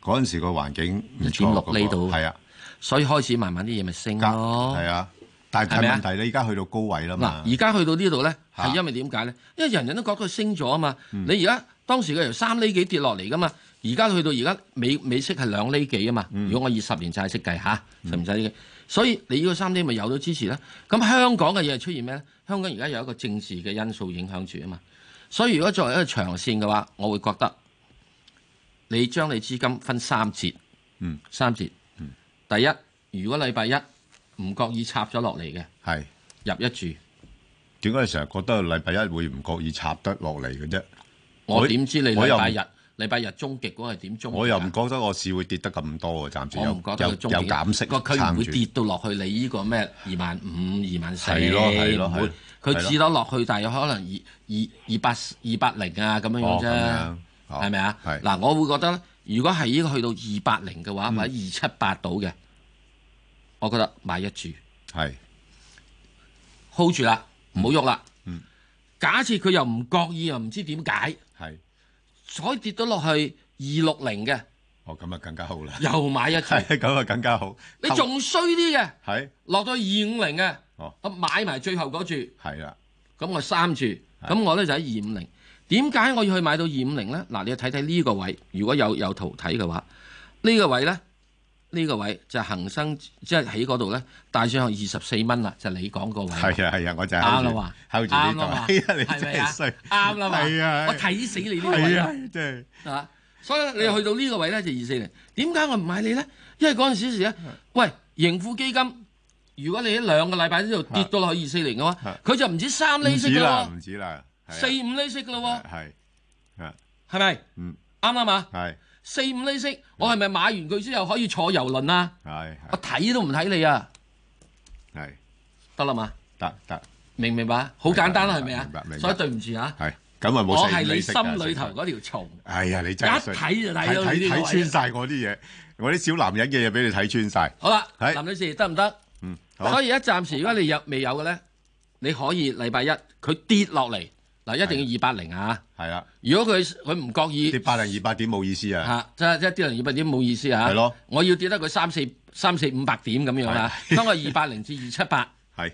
嗰陣時個環境唔錯嘅喎，一點六厘度。係啊，的所以開始慢慢啲嘢咪升咯。係啊，但係問題你而家去到高位啦嘛。而家的去到呢度咧，係因為點解咧？因為人人都覺得佢升咗啊嘛。嗯、你而家當時佢由三厘幾跌落嚟噶嘛？而家去到而家美美息係兩厘幾啊嘛！嗯、如果我二十年債息計嚇，使唔使呢？所以你依個三釐咪有咗支持啦。咁香港嘅嘢出現咩咧？香港而家有一個政治嘅因素影響住啊嘛。所以如果作為一個長線嘅話，我會覺得你將你資金分三節，嗯，三節。嗯，嗯第一，如果禮拜一唔覺意插咗落嚟嘅，係是入一注。點解你成日覺得禮拜一會唔覺意插得落嚟嘅啫？我點知你禮拜有日？禮拜日終極嗰個係點終？我又唔覺得個市會跌得咁多喎，暫時有有減息個區唔會跌到落去你呢個咩二萬五、二萬四，係咯，係咯，佢至多跌到落去，但大有可能二二二八二八零啊咁樣樣啫，係咪啊？嗱，我會覺得如果係呢個去到二八零嘅話，或者二七八到嘅，我覺得買一住係 hold 住啦，唔好喐啦。假設佢又唔覺意，又唔知點解。再跌到落去二六零嘅，哦咁啊更加好啦，又買一次，咁啊 <laughs> 更加好。你仲衰啲嘅，係落到二五零嘅，哦，我買埋最後嗰注，係啦的，咁我三注，咁的我咧就喺二五零。點解我要去買到二五零咧？嗱，你要睇睇呢個位，如果有有圖睇嘅話，呢、呢個位咧。呢個位就恒生即係喺嗰度咧，帶上去二十四蚊啦，就你講個位。係啊係啊，我就啱啦嘛，扣住呢個嘛，係啊？我睇死你呢個位。啊，係啊，所以你去到呢個位咧就二四零。點解我唔買你咧？因為嗰陣時咧，喂盈富基金，如果你喺兩個禮拜之後跌到落去二四零嘅話，佢就唔止三厘息嘅，唔止啦，四五厘息嘅咯，係係咪？嗯，啱啦嘛。係。四五厘息，我係咪買完佢之後可以坐遊輪啊？係，我睇都唔睇你啊！係，得啦嘛，得得，明唔明白啊？好簡單係咪啊？明白明白，所以對唔住啊！係，咁又冇我係你心裏頭嗰條蟲。哎呀，你真係一睇就睇到啲位，睇穿晒我啲嘢，我啲小男人嘅嘢俾你睇穿晒。好啦，林女士得唔得？嗯，所以一暫時，如果你有未有嘅咧，你可以禮拜一佢跌落嚟。一定要二八零啊！係啊，如果佢佢唔覺意，跌八零二八點冇意思啊！嚇，即係即係跌零二八點冇意思啊！係咯，我要跌得佢三四三四五百點咁樣啊，當我二八零至二七八，係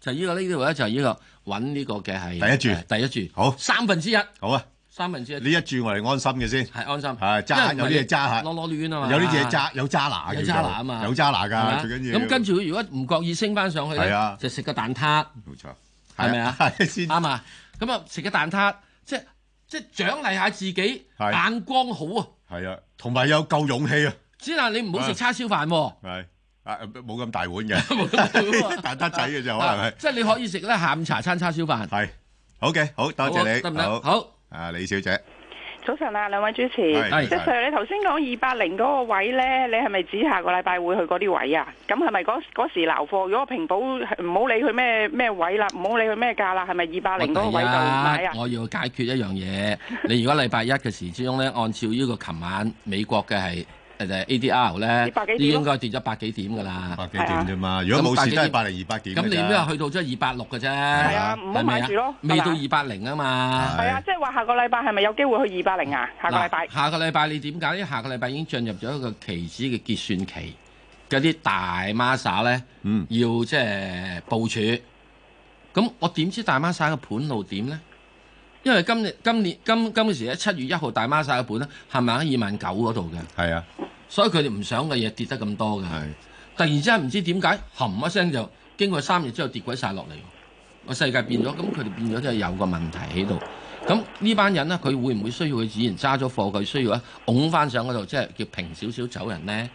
就呢個呢度咧，就呢個揾呢個嘅係第一注，第一注好三分之一，好啊，三分之一呢一注我哋安心嘅先，係安心，揸有啲嘢揸下，囉囉攣啊嘛，有啲嘢揸有渣拿，有渣拿啊嘛，有渣拿噶最緊要。咁跟住如果唔覺意升返上去咧，就食個蛋撻，冇錯，係咪啊？啱啊！咁啊，食個蛋撻，即係即係獎勵下自己，眼光好啊，係啊，同埋有夠勇氣啊，只係你唔好食叉燒飯喎，係啊，冇咁大碗嘅蛋撻仔嘅啫，可能係？即係你可以食咧下午茶餐叉燒飯，係好嘅，好多謝你，好，好，啊李小姐。早晨啊，兩位主持，即係你頭先講二百零嗰個位咧，你係咪指下個禮拜會去嗰啲位啊？咁係咪嗰嗰時留貨？如果平保唔好理佢咩咩位啦，唔好理佢咩價啦，係咪二百零嗰個位就買啊？我要解決一樣嘢，你如果禮拜一嘅時之中呢，始終咧按照呢個琴晚美國嘅係，ADR 咧，應該跌咗百幾點噶啦，百幾點啫嘛。如果冇事都係百零二百幾。咁你都係去到咗二百六嘅啫。係啊，唔好買住咯。未到二百零啊嘛。係啊，即係話下個禮拜係咪有機會去二百零啊？下個禮拜。下個禮拜你點解？因為下個禮拜已經進入咗一個期指嘅結算期，嗰啲大孖沙咧，嗯，要即係部署。咁我點知大孖沙嘅盤路點咧？因為今今年今今時咧，七月一號大孖沙嘅盤咧，係咪喺二萬九嗰度嘅？係啊。所以佢哋唔想嘅嘢跌得咁多嘅，是突然之間唔知點解，冚一聲就經過三日之後跌鬼晒落嚟，個世界變咗，咁佢哋變咗即係有個問題喺度。咁呢班人咧，佢會唔會需要佢自然揸咗貨佢需要啊，拱翻上嗰度即係叫平少少走人咧？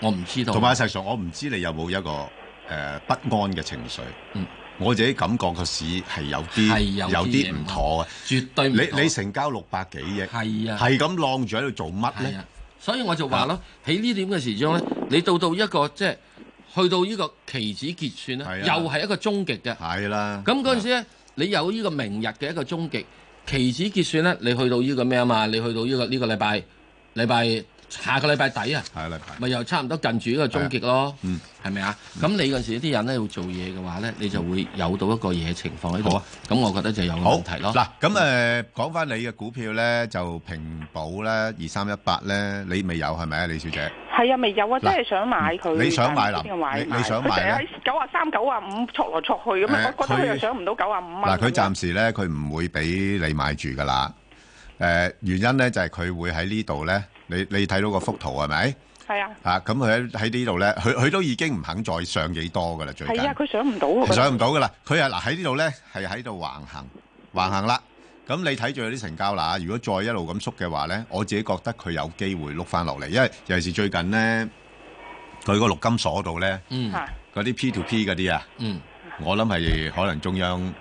我唔知道。同埋實際上，我唔知你有冇一個誒、呃、不安嘅情緒。嗯、我自己感覺個市係有啲有啲唔妥嘅，絕對唔妥。你你成交六百幾億，係啊，係咁晾住喺度做乜咧？所以我就話咯，喺呢的點嘅時鐘咧，你到到一個即係去到呢個期指結算咧，的又係一個終極嘅。係啦的。咁嗰陣時咧，的你有呢個明日嘅一個終極期指結算咧，你去到呢個咩啊嘛？你去到呢、呢個呢、呢個禮拜禮拜。下個禮拜底啊！下個禮拜，咪又差唔多近住呢個終極咯，係咪啊？咁你嗰陣時啲人咧要做嘢嘅話咧，你就會有到一個嘢情況喺度啊！咁我覺得就有問題咯。嗱，咁誒講翻你嘅股票咧，就平保咧，二三一八咧，你未有係咪啊，李小姐？係啊，未有啊，真係想買佢。你想買啦？你想買？佢成日喺九啊三、九啊五，戳來戳去咁我覺得佢又想唔到九啊五啊。嗱，佢暫時咧，佢唔會俾你買住噶啦。誒，原因咧就係佢會喺呢度咧。你你睇到個幅圖係咪？係啊。嚇，咁佢喺喺呢度咧，佢佢都已經唔肯再上幾多㗎啦，最近。係啊，佢上唔到。佢上唔到㗎啦，佢啊嗱喺呢度咧，係喺度橫行橫行啦。咁你睇住佢啲成交啦，如果再一路咁縮嘅話咧，我自己覺得佢有機會碌翻落嚟，因為尤其是最近咧，佢個陸金所度咧，嗯，嗰啲 P to P 嗰啲啊，嗯，我諗係可能中央，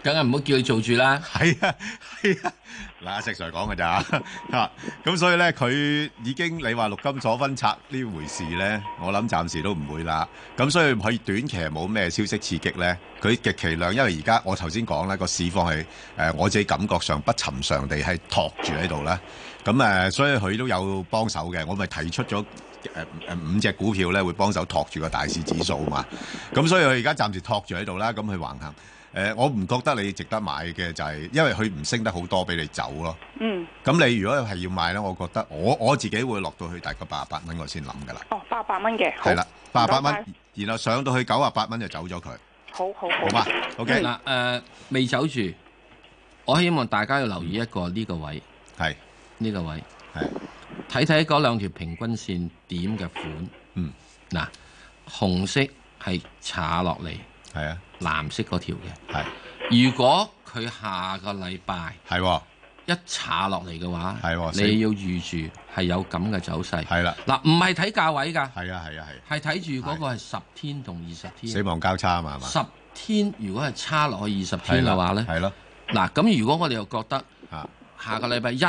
梗係唔好叫佢做住啦。係啊，係啊。嗱，阿石 Sir 講嘅咋吓，咁、 <laughs> 啊、所以咧，佢已經你話陸金所分拆呢回事咧，我諗暫時都唔會啦。咁所以佢短期係冇咩消息刺激咧，佢極其量，因為而家我頭先講咧個市況係誒、呃、我自己感覺上不尋常地係托住喺度啦。咁誒、呃，所以佢都有幫手嘅，我咪提出咗。誒誒，五隻股票咧會幫手托住個大市指數嘛？咁所以佢而家暫時托住喺度啦，咁佢橫行。誒、呃，我唔覺得你值得買嘅就係、是，因為佢唔升得好多俾你走咯。嗯。咁你如果係要買咧，我覺得我我自己會落到去大概八十八蚊，我先諗噶啦。哦，八十八蚊嘅。係啦，八十八蚊，謝謝然後上到去九啊八蚊就走咗佢。好好好。好嘛，OK 嗱、嗯，誒、呃，未走住，我希望大家要留意一個呢個位，係呢、嗯、個位，係是。的睇睇嗰兩條平均線點嘅款，嗯，嗱，紅色係查落嚟，係啊，藍色嗰條嘅，係。如果佢下個禮拜係一查落嚟嘅話，係你要預住係有咁嘅走勢，係啦。嗱，唔係睇價位㗎，係啊係啊係，係睇住嗰個係十天同二十天死亡交叉啊嘛，係嘛？十天如果係差落去二十天嘅話咧，係咯。嗱，咁如果我哋又覺得下下個禮拜一。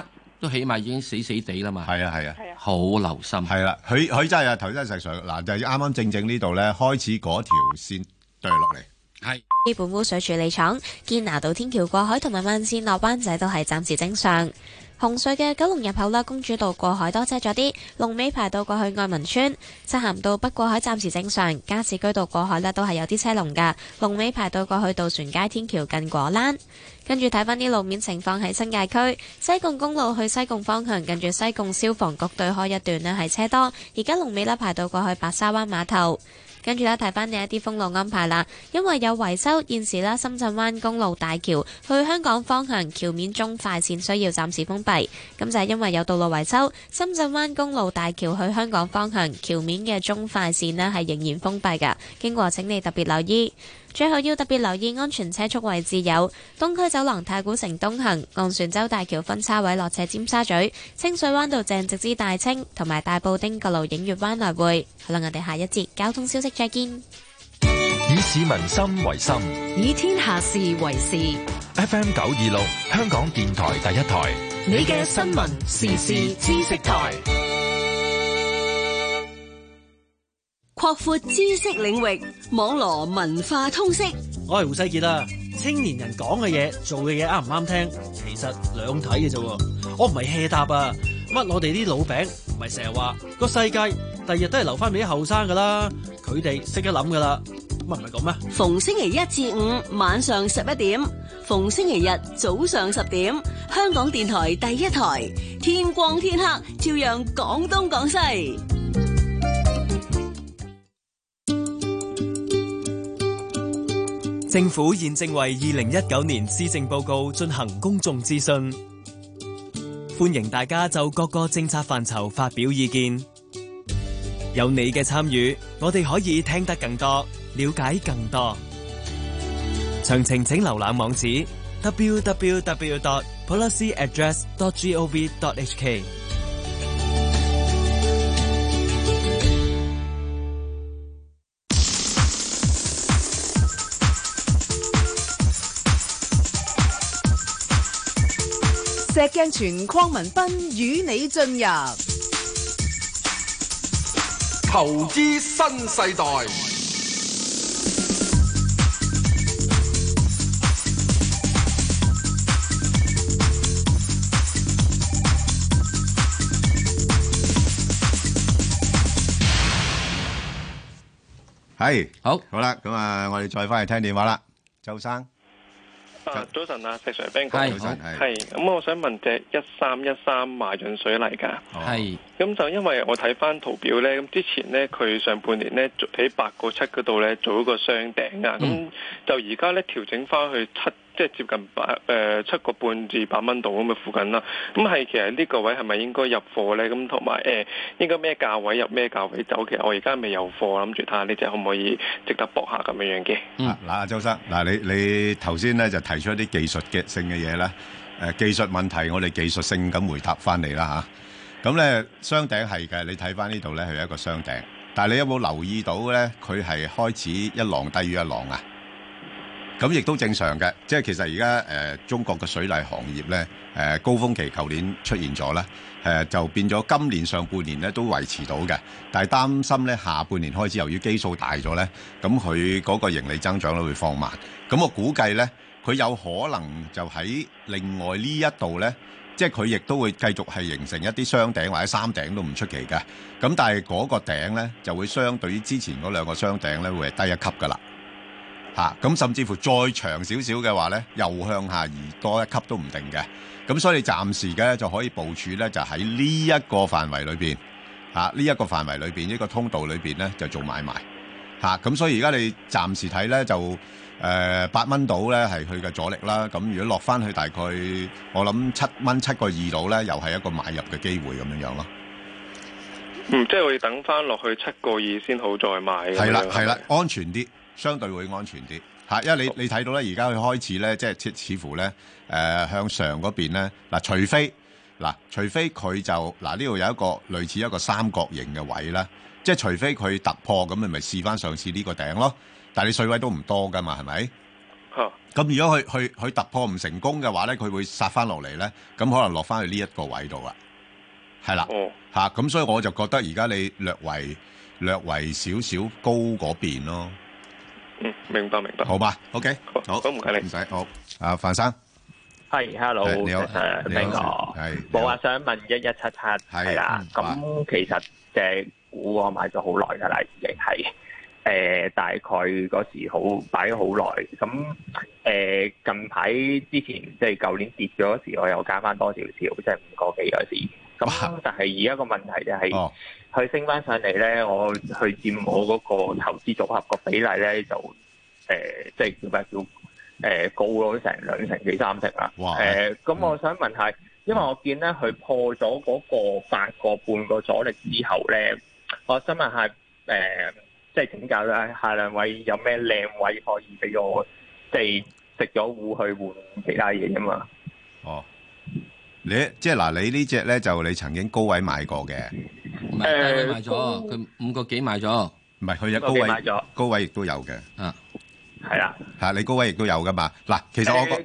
都起碼已經死死地啦嘛，係啊係啊，啊啊好留心係啦。佢佢真係啊，頭真係實在嗱，就係啱啱正正呢度咧，開始嗰條線對落嚟，係基是本污水處理廠堅拿道天橋過海，同埋慢線落灣仔都係暫時正常。紅隧嘅九龍入口啦，公主道過海多車咗啲，龍尾排到過去愛民村，漆咸道北過海暫時正常，加士居道過海咧都係有啲車龍㗎，龍尾排到過去渡船街天橋近果欄。跟住睇翻啲路面情況，喺新界區西貢公路去西貢方向，跟住西貢消防局對開一段呢係車多，而家龍尾呢排到過去白沙灣碼頭。跟住呢睇翻你一啲封路安排啦，因為有維修，現時呢深圳灣公路大橋去香港方向橋面中快線需要暫時封閉，咁就係因為有道路維修。深圳灣公路大橋去香港方向橋面嘅中快線呢係仍然封閉㗎，經過請你特別留意。最後要特別留意安全車速位置有東區走廊、太古城東行、昂船洲大橋分叉位、落斜尖沙咀、清水灣道正直至大清同埋大布丁各路、影月灣來回。好啦，我哋下一節交通消息再見。以市民心為心，以天下事為事。FM 九二六，香港電台第一台，你嘅新聞時事知識台。擴闊知識領域，網羅文化通識。我係胡世杰啦、啊。青年人講嘅嘢，做嘅嘢啱唔啱聽？其實兩睇嘅啫。我唔係 hea 答啊，乜我哋啲老餅唔係成日話個世界第日,日都係留翻俾後生噶啦，佢哋識得諗噶啦，乜唔係咁咩？逢星期一至五晚上十一點，逢星期日早上十點，香港電台第一台，天光天黑照樣講東講西。政府現正為二零一九年施政報告進行公眾諮詢，歡迎大家就各個政策範疇發表意見。有你嘅參與，我哋可以聽得更多，了解更多。詳情請瀏覽網址：www.policyaddress.gov.hk dot dot dot。鏡泉鄺民彬與你進入投資新世代，係 Hey, 好好啦，咁啊，我哋再翻嚟聽電話啦，周生。早晨啊，石常兵，你好。係，咁我想問隻13 13，只一三一三賣潤水泥嚟㗎，係咁就因為我睇翻圖表咧，咁之前咧佢上半年咧喺八個七嗰度咧做一個雙頂啊。咁、嗯、就而家咧調整翻去七。即係接近百誒七個半至八蚊度咁嘅附近啦，咁、嗯、係其實呢個位係咪應該入貨咧？咁同埋誒應該咩價位入咩價位走？其實我而家未有貨，諗住睇下呢隻可唔可以值得博下咁樣樣嘅。嗱、嗯，阿、啊、周生，嗱、啊、你你頭先咧就提出一啲技術嘅性嘅嘢咧，誒、呃、技術問題我哋技術性咁回答翻嚟啦吓，咁咧雙頂係嘅，你睇翻呢度咧係一個雙頂，但係你有冇留意到咧佢係開始一浪低於一浪啊？咁亦都正常嘅，即係其實而家誒中國嘅水泥行業呢，誒、呃、高峰期，舊年出現咗呢，誒、呃、就變咗今年上半年呢都維持到嘅，但係擔心呢，下半年開始由於基數大咗呢，咁佢嗰個盈利增長咧會放慢，咁我估計呢，佢有可能就喺另外呢一度呢，即係佢亦都會繼續係形成一啲雙頂或者三頂都唔出奇嘅，咁但係嗰個頂咧就會相對於之前嗰兩個雙頂咧會係低一級噶啦。嚇！咁、嗯、甚至乎再長少少嘅話呢又向下移多一級都唔定嘅。咁、嗯、所以你暫時嘅就可以部署呢，就喺呢一個範圍裏邊，嚇呢一個範圍裏邊，呢、呢個通道裏邊呢，就做買賣。嚇、啊！咁、嗯、所以而家你暫時睇呢，就誒八蚊到呢係佢嘅阻力啦。咁、嗯、如果落翻去大概我諗七蚊七個二到呢，又係一個買入嘅機會咁樣樣咯。嗯，即係我要等翻落去七個二先好再買嘅。係啦，係嗎啦，啦，安全啲。相對會安全啲嚇、啊，因為你你睇到咧，而家佢開始咧，即係似似乎咧誒、呃、向上嗰邊咧嗱、啊，除非嗱、啊，除非佢就嗱呢度有一個類似一個三角形嘅位啦、啊，即係除非佢突破咁，你咪試翻上，上次呢個頂咯。但係你水位都唔多㗎嘛，係咪？嚇、啊！咁如果佢佢佢突破唔成功嘅話咧，佢會殺翻落嚟咧，咁可能落翻去呢一個位度啊，係啦嚇。咁、啊、所以我就覺得而家你略為略為少少高嗰邊咯。明白明白，好吧 OK 好，咁唔該你，唔使好，阿范生，係，Hello，你好，誒，你好，係，冇啊，想問一一七七係啦，咁其實隻股我買咗好耐噶啦，已經係誒大概嗰時好擺咗好耐，咁誒近排之前即係舊年跌咗時，我又加翻多少少，即係五個幾嗰時。咁哇但係而家個問題就係佢升翻上嚟咧，我去佔我嗰個投資組合個比例咧就誒，即、呃、係、就是、叫咩叫誒、呃、高咗成兩成幾三成啦。誒咁我想問下，因為我見咧佢破咗嗰個八個半個阻力之後咧，我想問下誒，即係點解咧？下兩位有咩靚位可以俾我即係食咗糊去換其他嘢噶嘛？哦。你即係嗱，你呢隻咧就，你曾經高位買過嘅，唔係低位買咗佢，五個幾買咗，唔係去咗高位買咗，高位亦都有嘅，嗯，係啊，吓，你高位亦都有噶嘛？嗱，其實我高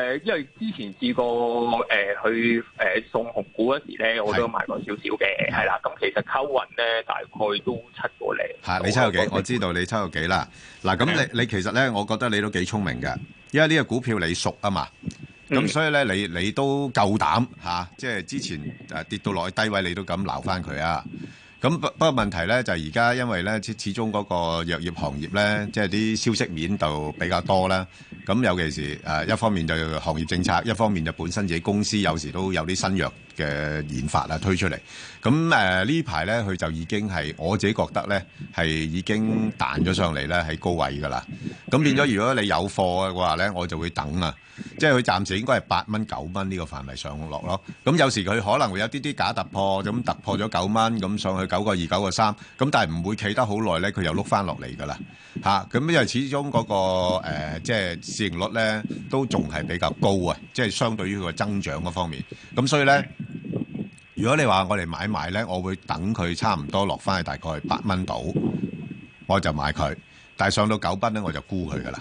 誒，因為之前試過誒去誒送紅股嗰時咧，我都買過少少嘅，係啦。咁其實溝運咧大概都七個零，吓，你七個幾？我知道你七個幾啦。嗱，咁你你其實咧，我覺得你都幾聰明嘅，因為呢個股票你熟啊嘛。咁所以咧，你你都夠膽嚇、啊，即係之前誒、啊、跌到落去低位，你都敢鬧翻佢啊！咁、啊、不不過問題咧，就係而家因為咧始始終嗰個藥業行業咧，即係啲消息面就比較多啦。咁、啊、尤其是誒、啊，一方面就行業政策，一方面就本身自己公司有時都有啲新藥。嘅研發啊，推出嚟，咁誒呢排呢，佢就已經係我自己覺得呢，係已經彈咗上嚟呢，喺高位㗎啦。咁變咗如果你有貨嘅話呢，我就會等啊。即係佢暫時應該係八蚊九蚊呢個範圍上落咯。咁有時佢可能會有啲啲假突破，咁突破咗九蚊咁上去九個二九個三，咁但係唔會企得好耐呢，佢又碌翻落嚟㗎啦。吓、啊，咁因為始終嗰、嗰個、呃、即係市盈率呢，都仲係比較高啊，即係相對於佢個增長嗰方面，咁所以呢。如果你話我哋買賣咧，我會等佢差唔多落翻去大概八蚊到，我就買佢。但係上到九蚊咧，我就沽佢噶啦。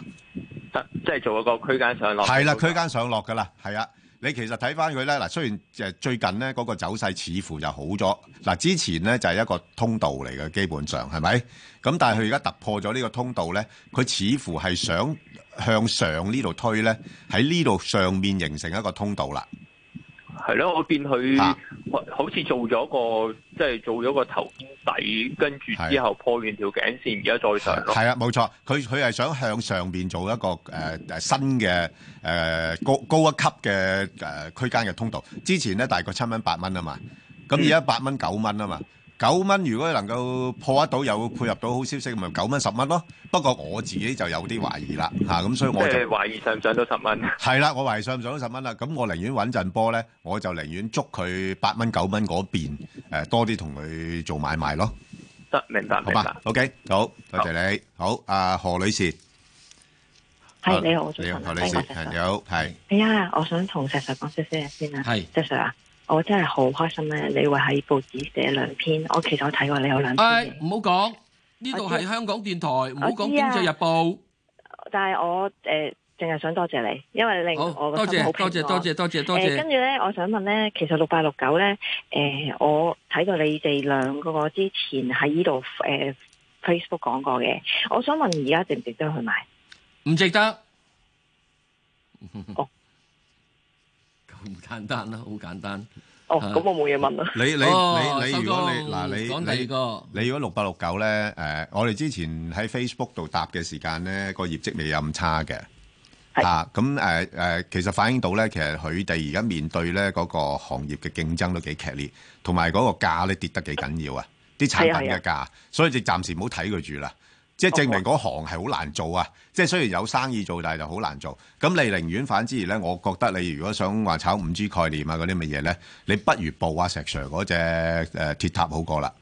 即係做一個區間上落。係啦了，區間上落噶啦，係啊。你其實睇翻佢咧，嗱，雖然誒最近咧嗰個走勢似乎就好咗。嗱，之前咧就係一個通道嚟嘅，基本上係咪？咁但係佢而家突破咗呢個通道咧，佢似乎係想向上呢度推咧，喺呢度上面形成一個通道啦。係咯，我見佢好似做咗個，即係做咗個頭肩底，跟住之後破完條頸線，而家再上咯。係啊，冇錯，佢佢係想向上邊做一個誒誒、呃、新嘅誒、呃、高高一級嘅誒、呃、區間嘅通道。之前咧大概七蚊八蚊啊嘛，咁而家八蚊九蚊啊嘛。嗯九蚊如果能夠破得到有配合到好消息，咪九蚊十蚊咯。不過我自己就有啲懷疑啦，吓，咁所以我就即係懷疑上唔上到十蚊啊？係啦，我懷疑上唔上到十蚊啦。咁我寧願穩陣波咧，我就寧願捉佢八蚊九蚊嗰邊誒，多啲同佢做買賣咯。得，明白，好吧，OK，好，多謝你，好啊，何女士，係你好，你好何女士，你好，係。係啊，我想同石 Sir 講少少嘢先啊，石 Sir 啊。我真係好開心咧、啊，你會喺報紙寫兩篇，我其實我睇過你有兩篇。哎，唔好講呢度係香港電台，唔好講《經濟日報》啊。但係我誒，淨、呃、係想多謝你，因為你令、哦。我嘅心好平。好多謝多謝多謝多謝。跟住咧，我想問咧，其實六八六九咧，誒、呃，我睇過你哋兩個之前喺呢度誒 Facebook 講過嘅，我想問而家值唔值得去買？唔值得。 <laughs> 唔簡單啦，好簡單。哦、oh, uh，咁我冇嘢問啦。你你你你，你工如果你嗱，你講你講你如果六八六九咧，誒，我哋之前喺 Facebook 度答嘅時間咧，個業績未有咁差嘅。係是。咁誒誒，其實反映到咧，其實佢哋而家面對咧嗰、那個行業嘅競爭都幾劇烈，同埋嗰個價咧跌得幾緊要啊！啲產品嘅價，啊、所以就暫時唔好睇佢住啦。即係證明嗰行係好難做啊！即係雖然有生意做，但係就好難做。咁你寧願反之咧，我覺得你如果想話炒五 G 概念啊、嗰啲乜嘢咧，你不如報啊石 Sir 嗰隻誒鐵塔好過啦。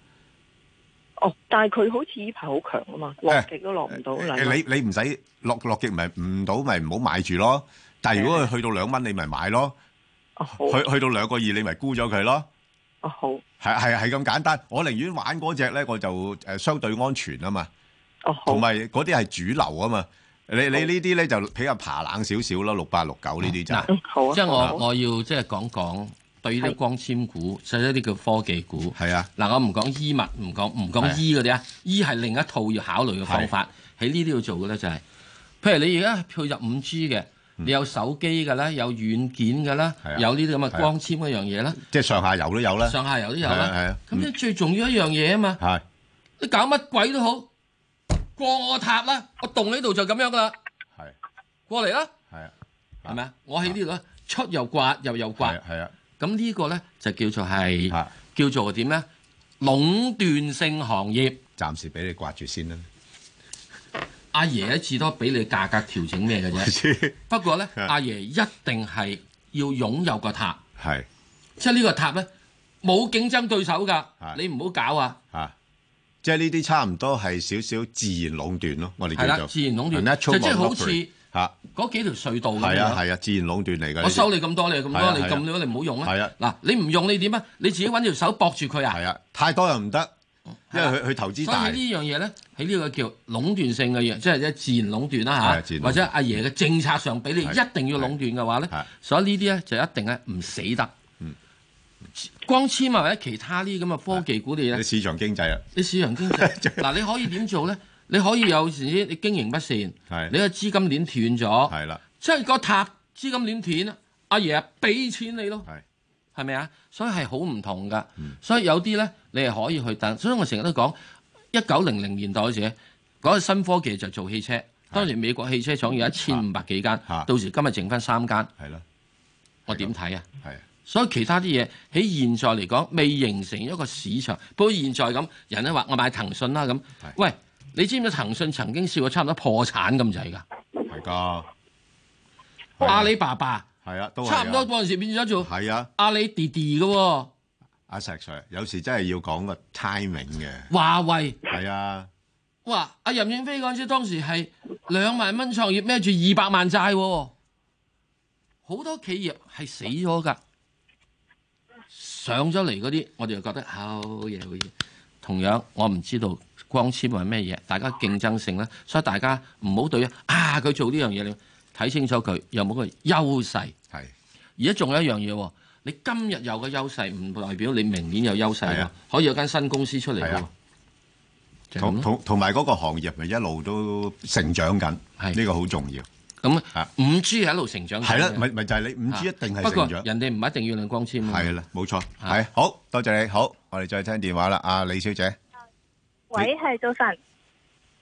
哦，但係佢好似呢排好強啊嘛，落極都落唔到啦。你你唔使落落極，咪唔到咪唔好買住咯。但係如果佢去到兩蚊，你咪買咯。嗯嗯、去去到兩個二，你咪沽咗佢咯。哦、嗯，好、嗯。係係係咁簡單。我寧願玩嗰隻咧，我就誒相對安全啊嘛。同埋嗰啲係主流啊嘛，你你呢啲咧就比較爬冷少少啦，六八六九呢啲就。嗱即係我我要即係講講對於啲光纖股，即係一啲叫科技股。係啊，嗱我唔講醫物，唔講唔講醫嗰啲啊，醫係另一套要考慮嘅方法，喺呢啲要做嘅咧就係，譬如你而家配入五 G 嘅，你有手機嘅啦，有軟件嘅啦，有呢啲咁嘅光纖嗰樣嘢啦。即係上下游都有啦。上下游都有啦。係啊。咁最最重要一樣嘢啊嘛。係。你搞乜鬼都好。過我塔啦，我洞呢度就咁樣噶啦。係，過嚟啦。係啊，係咪啊？我喺呢度啦，出又刮，入又刮。係啊。咁呢個咧就叫做係，叫做點咧？壟斷性行業。暫時俾你刮住先啦。阿爺一次多俾你價格調整咩嘅啫。不過咧，阿爺一定係要擁有個塔。係，即係呢個塔咧冇競爭對手噶。你唔好搞啊。即係呢啲差唔多係少少自然壟斷咯，我哋叫做自然壟斷，就即係好似嚇嗰幾條隧道咁樣。係啊係啊，自然壟斷嚟嘅。我收你咁多，你咁多，你咁多，你唔好用啦。係啊，嗱，你唔用你點啊？你自己揾條手搏住佢啊？係啊，太多又唔得，因為佢佢投資大。所以呢樣嘢咧，喺呢個叫壟斷性嘅嘢，即係咧自然壟斷啦嚇，或者阿爺嘅政策上俾你一定要壟斷嘅話咧，所以呢啲咧就一定咧唔死得。光纖啊，或者其他啲咁嘅科技股嘅嘢市場經濟啊！你市場經濟、啊，嗱， <laughs> 你可以點做咧？你可以有陣時你經營不善，係的你個資金鏈斷咗，係啦的，即係個塔資金鏈斷啊？阿爺啊，俾錢你咯，係係咪啊？所以係好唔同噶，嗯、所以有啲咧，你係可以去等。所以我成日都講，一九零零年代嗰時，講、嗰個、新科技就做汽車。當時美國汽車廠有一千五百幾間，到時今日剩翻三間，係咯，我點睇啊？係。所以其他啲嘢喺現在嚟講未形成一個市場。不過現在咁，人咧話我買騰訊啦咁。的喂，你知唔知騰訊曾經笑過差唔多破產咁滯㗎？係㗎。阿里巴巴係啊，都係差唔多嗰陣時變咗做係啊的，阿里跌跌㗎喎。阿石 Sir，有時真係要講個 timing 嘅。華為係啊，的哇！阿任正非嗰陣時當時係兩萬蚊創業，孭住二百萬債、哦，好多企業係死咗㗎。上咗嚟嗰啲，我哋又覺得好嘢、哦，好嘢。同樣，我唔知道光纖係咩嘢，大家競爭性咧，所以大家唔好對啊。佢做呢樣嘢，你睇清楚佢有冇個優勢。係是。而家仲有一樣嘢喎，你今日有個優勢，唔代表你明年有優勢啊。可以有間新公司出嚟喎、啊。同同同埋嗰個行業咪一路都成長緊，呢是個好重要。咁啊，五 G 係一路成長。係啦，咪咪就係你五 G 一定係成長。不過人哋唔一定要用光纖。係啦，冇錯。係好，多謝你。好，我哋再聽電話啦。阿李小姐，喂，係早晨，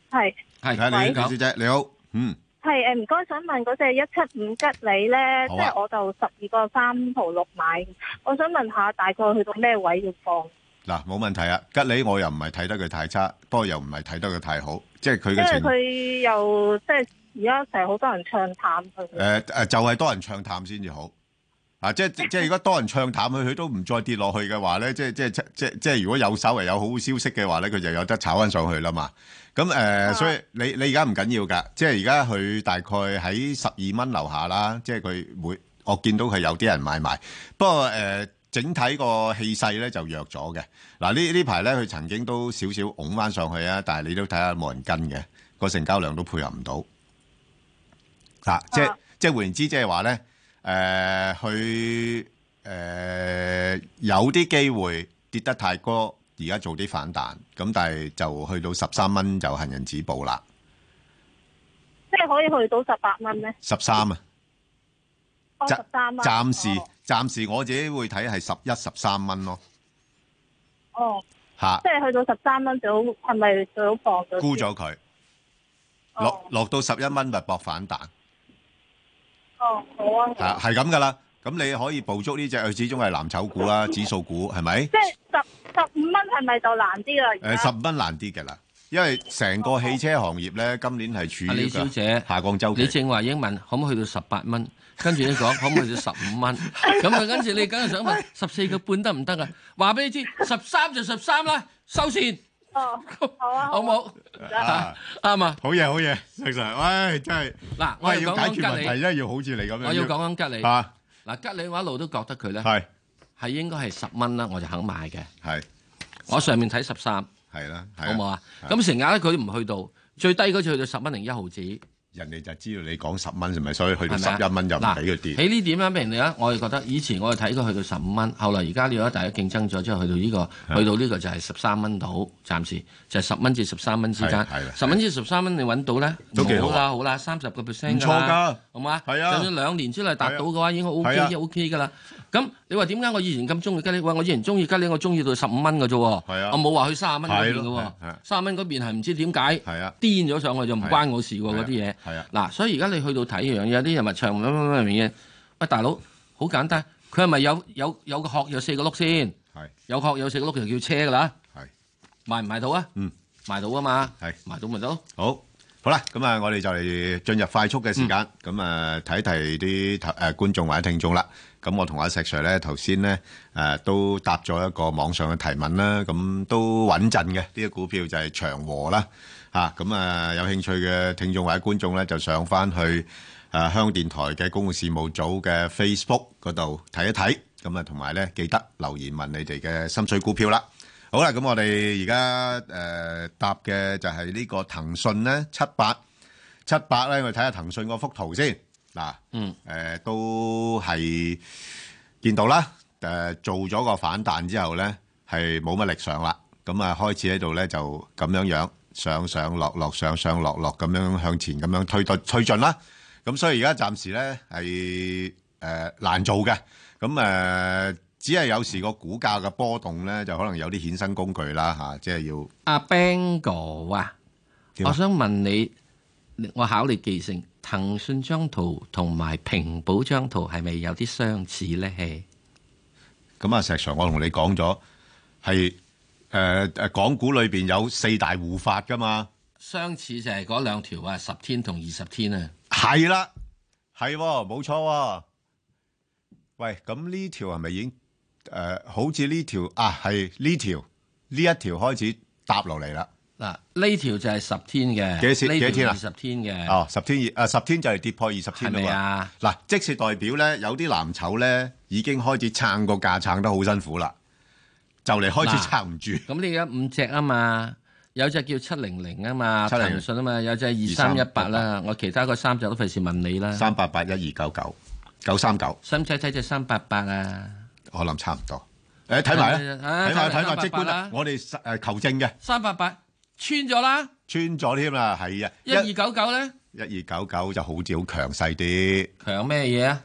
係係，喂，李小姐，你好。嗯，係誒，唔該，想問嗰隻一七五吉利咧，即係、啊、我就十二個三毫六買，我想問下大概去到咩位要放？嗱，冇問題啊，吉利我又唔係睇得佢太差，不過又唔係睇得佢太好，即係佢嘅情況。因為佢又即係。而家成日好多人唱淡佢，誒誒、呃，就係、是、多人唱淡先至好啊！即 <laughs> 即係如果多人唱淡佢，佢都唔再跌落去嘅話咧，即即即即即係如果有稍微有好消息嘅話咧，佢就有得炒翻上去啦嘛。咁、嗯、誒，呃啊、所以你你而家唔緊要㗎，即係而家佢大概喺十二蚊樓下啦。即係佢每我見到佢有啲人買賣，不過誒、呃、整體個氣勢咧就弱咗嘅嗱。啊、呢呢排咧，佢曾經都少少拱翻上去啊，但係你都睇下冇人跟嘅、個成交量都配合唔到。嗱、啊，即即換言之，即係話咧，誒，佢、呃、誒有啲機會跌得太高，而家做啲反彈，咁但係就去到十三蚊就行人止步啦。即係可以去到十八蚊咧？十三啊，十三蚊。暫時暫時，哦、暫時我自己會睇係十一十三蚊咯。哦。吓，即係去到十三蚊就好，係咪最好搏？沽咗佢，落落到十一蚊咪搏反彈。哦，好啊，係係咁噶啦，咁你可以捕捉呢隻，佢始終係藍籌股啦，指數股係咪？即係十十五蚊係咪就難啲啦？誒，十五蚊難啲嘅啦，因為成個汽車行業咧今年係處於下降週期。你正話英文可唔可以去到十八蚊？跟住你講可唔可以到十五蚊？咁啊跟住你梗係想問十四個半得唔得啊？話俾你知，十三就十三啦，收線。哦，好啊，好冇？啊啱啊，好嘢好嘢，其實，喂真係嗱，我係要解決問題，而家要好似你咁樣，我要講緊吉利啊，嗱吉利我一路都覺得佢咧係係應該係十蚊啦，我就肯買嘅，係我上面睇十三，係啦，好冇啊？咁成日咧佢唔去到最低嗰次去到十蚊零一毫子。人哋就知道你講十蚊，係咪？所以去到十一蚊就唔俾佢跌。喺呢點咧，人哋咧，我哋覺得以前我哋睇過去到十五蚊，後來而家呢個大家競爭咗之後，去到呢、這個，啊、去到呢個就係十三蚊到，暫時就係十蚊至十三蚊之間。十蚊至十三蚊你揾到咧，都幾好啦，好啦，三十個 percent 唔錯㗎，錯好嘛吧？係啊的，就算兩年之內達到嘅話，應該 O K OK 嘅啦。咁你話點解我以前咁中意吉利？喂，我以前中意吉利，我中意到十五蚊嘅啫喎，我冇話去卅蚊嗰邊嘅喎，卅蚊嗰邊係唔知點解癲咗上去就唔關我事喎嗰啲嘢。嗱，所以而家你去到睇樣有啲人物長乜乜乜嘢，喂，大佬好簡單，佢係咪有有有個殼有四個碌先？係有殼有四個碌就叫車噶啦。係賣唔賣到啊？嗯，賣到啊嘛。係賣到咪得咯？好好啦，咁啊，我哋就嚟進入快速嘅時間，咁啊睇睇啲誒觀眾或者聽眾啦。咁我同阿石 Sir 咧，頭先咧誒都答咗一個網上嘅提問啦，咁都穩陣嘅呢個股票就係長和啦嚇。咁啊，有興趣嘅聽眾或者觀眾咧，就上翻去誒香港電台嘅公共事務組嘅 Facebook 嗰度睇一睇。咁啊，同埋咧記得留言問你哋嘅心水股票啦。好啦，咁我哋而家誒答嘅就係呢個騰訊咧，七百七百咧，我哋睇下騰訊嗰幅圖先。嗱，誒都係見到啦，誒做咗個反彈之後咧，係冇乜力上啦，咁啊開始喺度咧就咁樣樣上上落落上上落落咁樣向前咁樣推推進啦，咁所以而家暫時咧係誒難做嘅，咁誒只係有時個股價嘅波動咧就可能有啲衍生工具啦嚇，即係要。阿 Ben 哥啊，我想問你，我考你記性。騰訊張圖同埋平保張圖係咪有啲相似咧？咁啊、嗯，石 Sir，我同你講咗，係誒誒，港股裏邊有四大護法噶嘛？相似就係嗰兩條啊，十天同二十天啊。係啦，係冇錯。喂，咁呢條係咪已經誒、呃？好似呢條啊，係呢條呢一條開始搭落嚟啦。嗱，呢條就係十天嘅，幾多天？二十天嘅，哦，十天二，啊，十天就係跌破二十天啦。嗱，即是代表咧，有啲藍籌咧已經開始撐個價，撐得好辛苦啦，就嚟開始撐唔住。咁你而家五隻啊嘛，有隻叫七零零啊嘛，騰訊啊嘛，有隻二三一八啦。我其他個三隻都費事問你啦。三八八一二九九九三九，使唔使睇隻三八八啊？我諗差唔多，誒睇埋啦，睇埋睇埋即管我哋誒求證嘅。三八八。穿咗啦，穿咗添啦，係啊，一二九九咧，一二九九就好似好強勢啲，強咩嘢啊？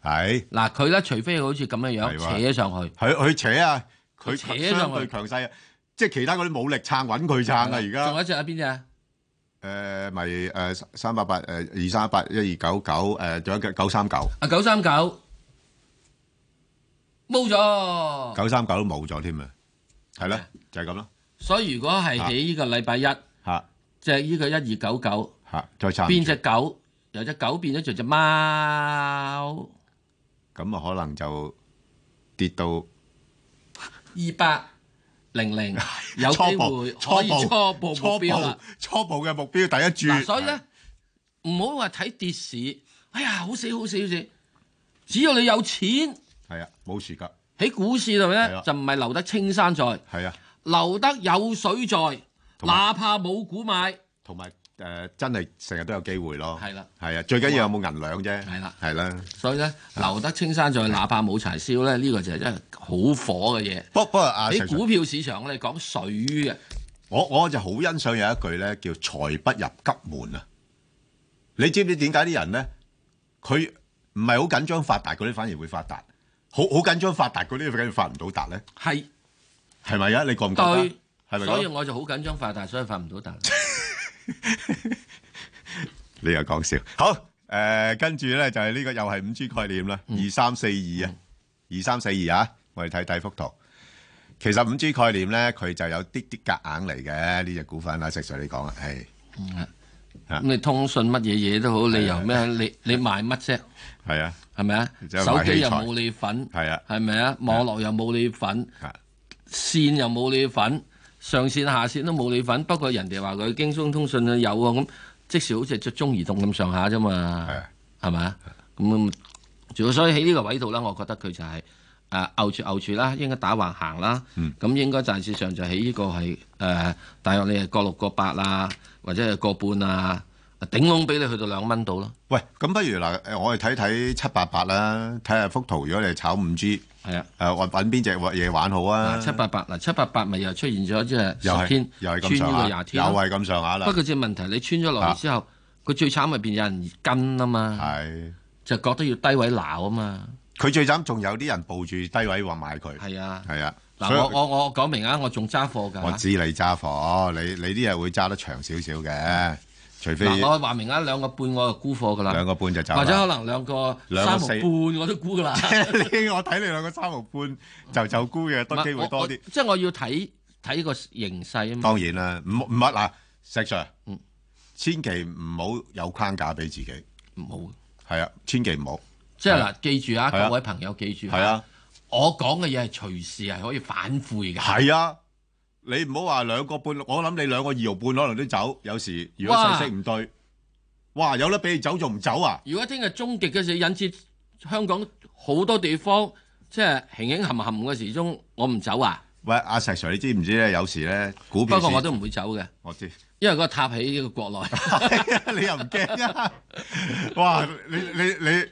係嗱，佢咧除非好似咁嘅樣扯咗上去，佢佢扯啊，佢扯上去強勢啊，即係其他嗰啲武力撐揾佢撐啊！而家仲有一隻啊，邊隻啊？誒咪誒三八八誒二三八一二九九誒，仲有一隻九三九啊，九三九冇咗，九三九都冇咗添啊，係咯，就係咁咯。所以如果係喺呢個禮拜一，即係呢個一二九九，再變隻狗，由隻狗變咗做隻貓，咁啊可能就跌到二百零零，有機會可以初步目標，初步嘅目標，第一注。所以咧唔好話睇跌市，哎呀，好死好死好死！只要你有錢，係啊，冇時間喺股市度咧，就唔係留得青山在，係啊。留得有水在，哪怕冇股買，同埋誒真係成日都有機會咯。係啦，係啊，最緊要有冇銀兩啫。係啦，係啦。所以咧，留得青山在，哪怕冇柴燒咧，呢個就係真係好火嘅嘢。不不過啊，喺股票市場我哋講水嘅，我我就好欣賞有一句咧叫財不入急門啊。你知唔知點解啲人咧佢唔係好緊張發達嗰啲反而會發達，好好緊張發達嗰啲反而發唔到達咧？係。係咪啊？你覺唔覺得，係咪？所以我就好緊張發達，但係所以發唔到達。你又講笑。好，誒，跟住咧就係呢個又係五 G 概念啦。二三四二啊，二三四二啊，我哋睇睇幅圖。其實五 G 概念咧，佢就有啲啲夾硬嚟嘅呢隻股份啊。石 Sir，你講啦，係。咁你通訊乜嘢嘢都好，你由咩？你你賣乜啫？係啊，係咪啊？手機又冇你份，係啊，係咪啊？網絡又冇你份。線又冇你份，上線下線都冇你份。不過人哋話佢京中通訊有啊，咁即時好似係雀中移動咁上下啫嘛。係係咪啊？咁，所以喺呢個位度呢，我覺得佢就係、是、誒，拗住拗住啦，應該打橫行啦。咁、嗯、應該暫時上就喺呢個係誒、呃，大約你係個六個八啊，或者係個半啊，頂籠俾你去到兩蚊度咯。喂，咁不如嗱，我哋睇睇七八八啦，睇下幅圖，如果你炒五 G。係啊，誒，揾邊隻嘢玩好啊？七八八嗱，啊，七八八咪又出現咗又十天又又穿呢個廿天，又係咁上下啦。不過只問題，你穿咗落嚟之後，佢，啊、最慘入邊有人跟啊嘛，啊就覺得要低位鬧啊嘛。佢最慘仲有啲人抱住低位話買佢，係啊，係啊。嗱，啊以，我我我講明啊，我仲揸貨㗎。我知你揸貨，你你啲嘢會揸得長少少嘅。除非我話明啊，兩個半我就沽貨噶啦，兩個半就走，或者可能兩個三毫半我都沽噶啦。你我睇你兩個三毫半就走沽嘅，多機會多啲。即係我要睇睇個形勢啊嘛。當然啦，唔唔係嗱，石 sir，千祈唔好有框架俾自己，唔好係啊，千祈唔好。即係嗱，記住啊，各位朋友記住，係啊，我講嘅嘢係隨時係可以反悔嘅。係啊。你唔好話兩個半，我諗你兩個二毫半可能都走。有時如果勢色唔對，哇，哇有得俾你走仲唔走啊？如果聽日終極嘅時，引致香港好多地方即係行影含含嘅時鐘，我唔走啊？喂，阿、啊、石 Sir，你知唔知咧？有時咧，股票不過我都唔會走嘅。我知，因為個塔喺呢個國內， <laughs> <laughs> 你又唔驚啊？哇！你你你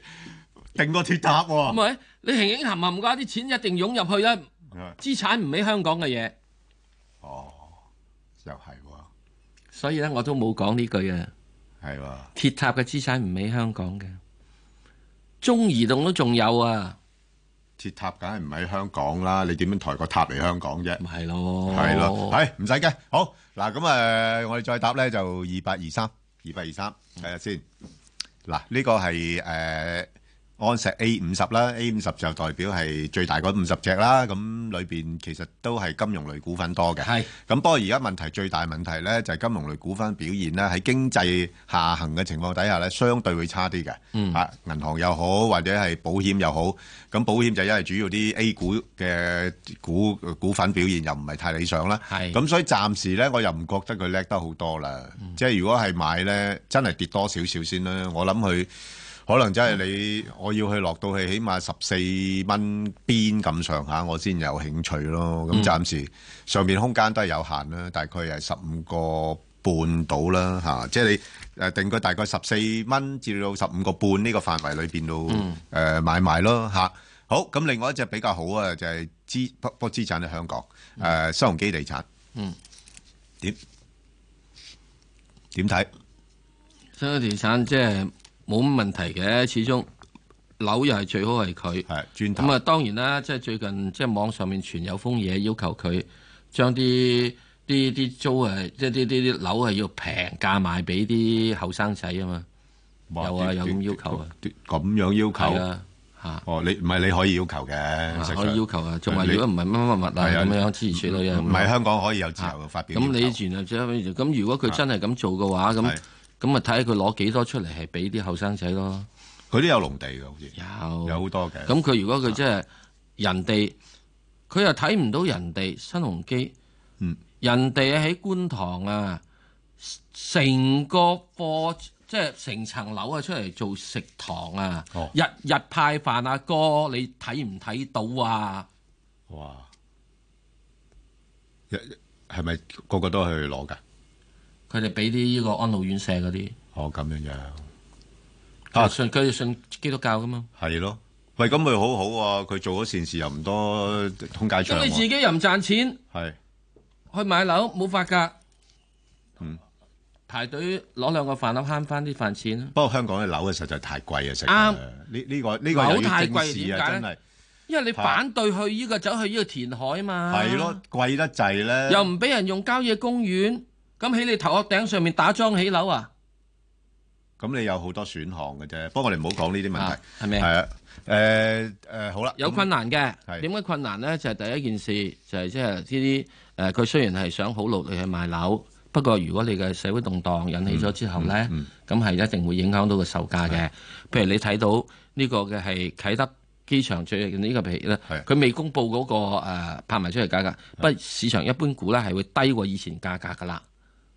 定個鐵塔喎、啊？唔係你行影含含噶，啲錢一定湧入去啦，資產唔喺香港嘅嘢。哦，又係喎、哦，所以咧我都冇講呢句啊，係喎、哦，鐵塔嘅資產唔喺香港嘅，中移動都仲有啊，鐵塔梗係唔喺香港啦，你點樣抬個塔嚟香港啫？唔係咯，係咯，係唔使嘅，好嗱咁誒，我哋再答咧就二八二三，二八二三睇下先，嗱呢、這個係誒。呃安碩 A 五十啦，A 五十就代表係最大嗰五十隻啦。咁裏邊其實都係金融類股份多嘅。係。咁不過而家問題最大問題咧，就係金融類股份表現咧喺經濟下行嘅情況底下咧，相對會差啲嘅。嗯。啊，銀行又好或者係保險又好，咁保險就因為主要啲 A 股嘅股股份表現又唔係太理想啦。係。咁所以暫時咧，我又唔覺得佢叻得好多啦。即係如果係買咧，真係跌多少少先啦。我諗佢。可能真係你，我要去落到去，起碼十四蚊邊咁上下，我先有興趣咯。咁、嗯、暫時上面空間都係有限啦，大概係十五個半到啦吓，即係你誒、呃、定個大概十四蚊至到十五個半呢個範圍裏邊度誒買賣咯吓，好，咁另外一隻比較好啊，就係、是、資不不資產喺香港誒商用基地產。嗯，點點睇？商用地產即、就、係、是。冇乜問題嘅，始終樓又係最好係佢。係轉頭咁啊！當然啦，即係最近即係網上面傳有封嘢，要求佢將啲啲啲租係即係啲啲啲樓係要平價賣俾啲後生仔啊嘛。有啊，有咁要求啊？咁樣要求啊？嚇！哦，你唔係你可以要求嘅。可以要求啊！仲話如果唔係乜乜物物啊，咁樣支持處女啊？唔係香港可以有自由嘅發表。咁你以前啊，即係咁。如果佢真係咁做嘅話，咁。咁啊，睇下佢攞幾多出嚟，係俾啲後生仔咯。佢都有農地嘅，好似有好多嘅。咁佢如果佢即係人哋，佢、啊、又睇唔到人哋新鴻基，嗯，人哋喺觀塘啊，成個貨即係成層樓啊，出嚟做食堂啊，哦、日日派飯啊哥，你睇唔睇到啊？哇！一係咪個個都去攞㗎？佢哋俾啲呢個安老院舍嗰啲，哦咁樣樣，啊信佢哋信基督教噶嘛？係咯，喂咁咪好好喎！佢做咗善事又唔多，通街長。咁你自己又唔賺錢，係去買樓冇法噶，嗯，排隊攞兩個飯粒慳翻啲飯錢。不過香港嘅樓啊，實在太貴啊，食日呢呢個呢個太徵事啊，真係，因為你反對去呢個走去呢個填海嘛，係咯，貴得滯咧，又唔俾人用郊野公園。咁喺你頭殼頂上面打樁起樓啊？咁、嗯、你有好多選項嘅啫。不過你唔好講呢啲問題，係咪？係啊，誒誒、啊呃呃，好啦，有困難嘅。點解、嗯、困難呢？就係、是、第一件事就係即係呢啲誒，佢、呃、雖然係想好努力去賣樓，嗯、不過如果你嘅社會動盪引起咗之後呢，咁係、嗯嗯、一定會影響到個售價嘅。譬、嗯、如你睇到呢個嘅係啟德機場最呢個譬佢、嗯嗯、未公布嗰、那個、呃、拍賣出嚟價格，不過市場一般估呢係會低過以前價格噶啦。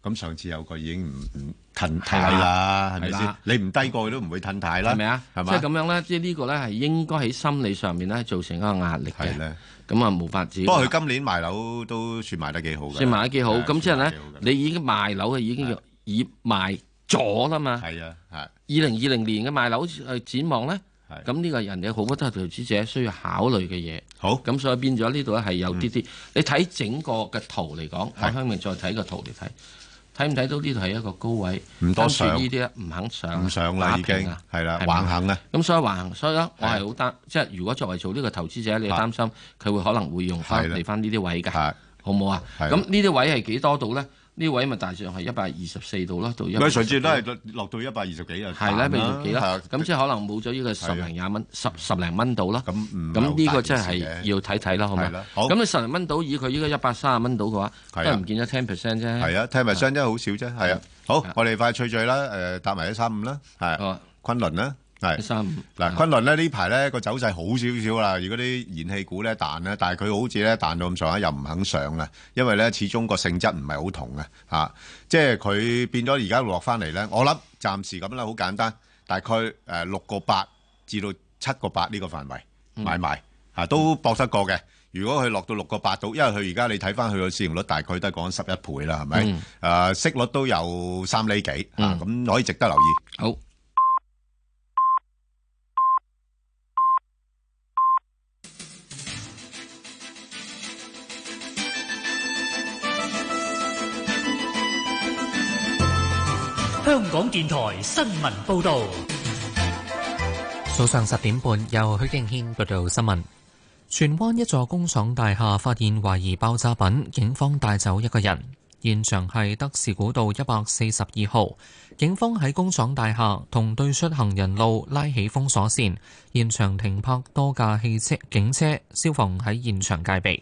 咁上次有個已經唔唔褪軚啦，係咪先？你唔低過去都唔會褪軚啦。係咪啊？係嘛？即係咁樣咧，即係呢個咧係應該喺心理上面咧造成一個壓力嘅。係咧，咁啊冇法子。不過佢今年賣樓都算賣得幾好嘅。算賣得幾好？咁即係咧，你已經賣樓係已經要以賣咗啦嘛。係啊，係。二零二零年嘅賣樓去展望咧，咁呢個人哋好多都係投資者需要考慮嘅嘢。好。咁所以變咗呢度咧係有啲啲。你睇整個嘅圖嚟講，阿香明再睇個圖嚟睇。睇唔睇到呢度係一個高位？唔多上呢啲啦，唔肯上，唔上啦已經，係啦、啊、了橫行咧、啊。咁所以橫行，所以咧，我係好擔，的即係如果作為做呢個投資者，你擔心佢會可能會用下嚟翻呢啲位嘅，好唔好啊？咁呢啲位係幾多度咧？呢位咪大上係一百二十四度咯，到一唔係隨住都係落到一百二十幾啊，係啦，百二十幾啦，咁即係可能冇咗呢個十零廿蚊，十十零蚊度啦。咁咁呢個真係要睇睇啦，好嘛？咁你十零蚊度以佢依家一百三十蚊度嘅話，都唔見得 ten percent 啫。係啊，ten percent 真係好少啫。係啊，好，我哋快脆脆啦，誒，搭埋一三五啦，係，崑崙啦。係，嗱，崑崙咧呢排咧個走勢好少少啦。如果啲燃氣股咧彈咧，但係佢好似咧彈到咁上下又唔肯上啦。因為咧始終個性質唔係好同嘅，吓、啊，即係佢變咗而家落翻嚟。咧我諗暫時咁啦，好簡單，大概誒六個八至到七個八呢個範圍買賣吓、啊，都搏得過嘅。如果佢落到六個八到，因為佢而家你睇翻佢個市盈率大概都係講十一倍啦，係咪？誒、嗯啊，息率都有三厘幾啊，咁可以值得留意。好。港電台新聞報道：早上十點半，由許敬軒報道新聞。荃灣一座工廠大廈發現懷疑爆炸品，警方帶走一個人。現場係德士古道一百四十二號，警方喺工廠大廈同對出行人路拉起封鎖線，現場停泊多架汽車、警車、消防喺現場戒備。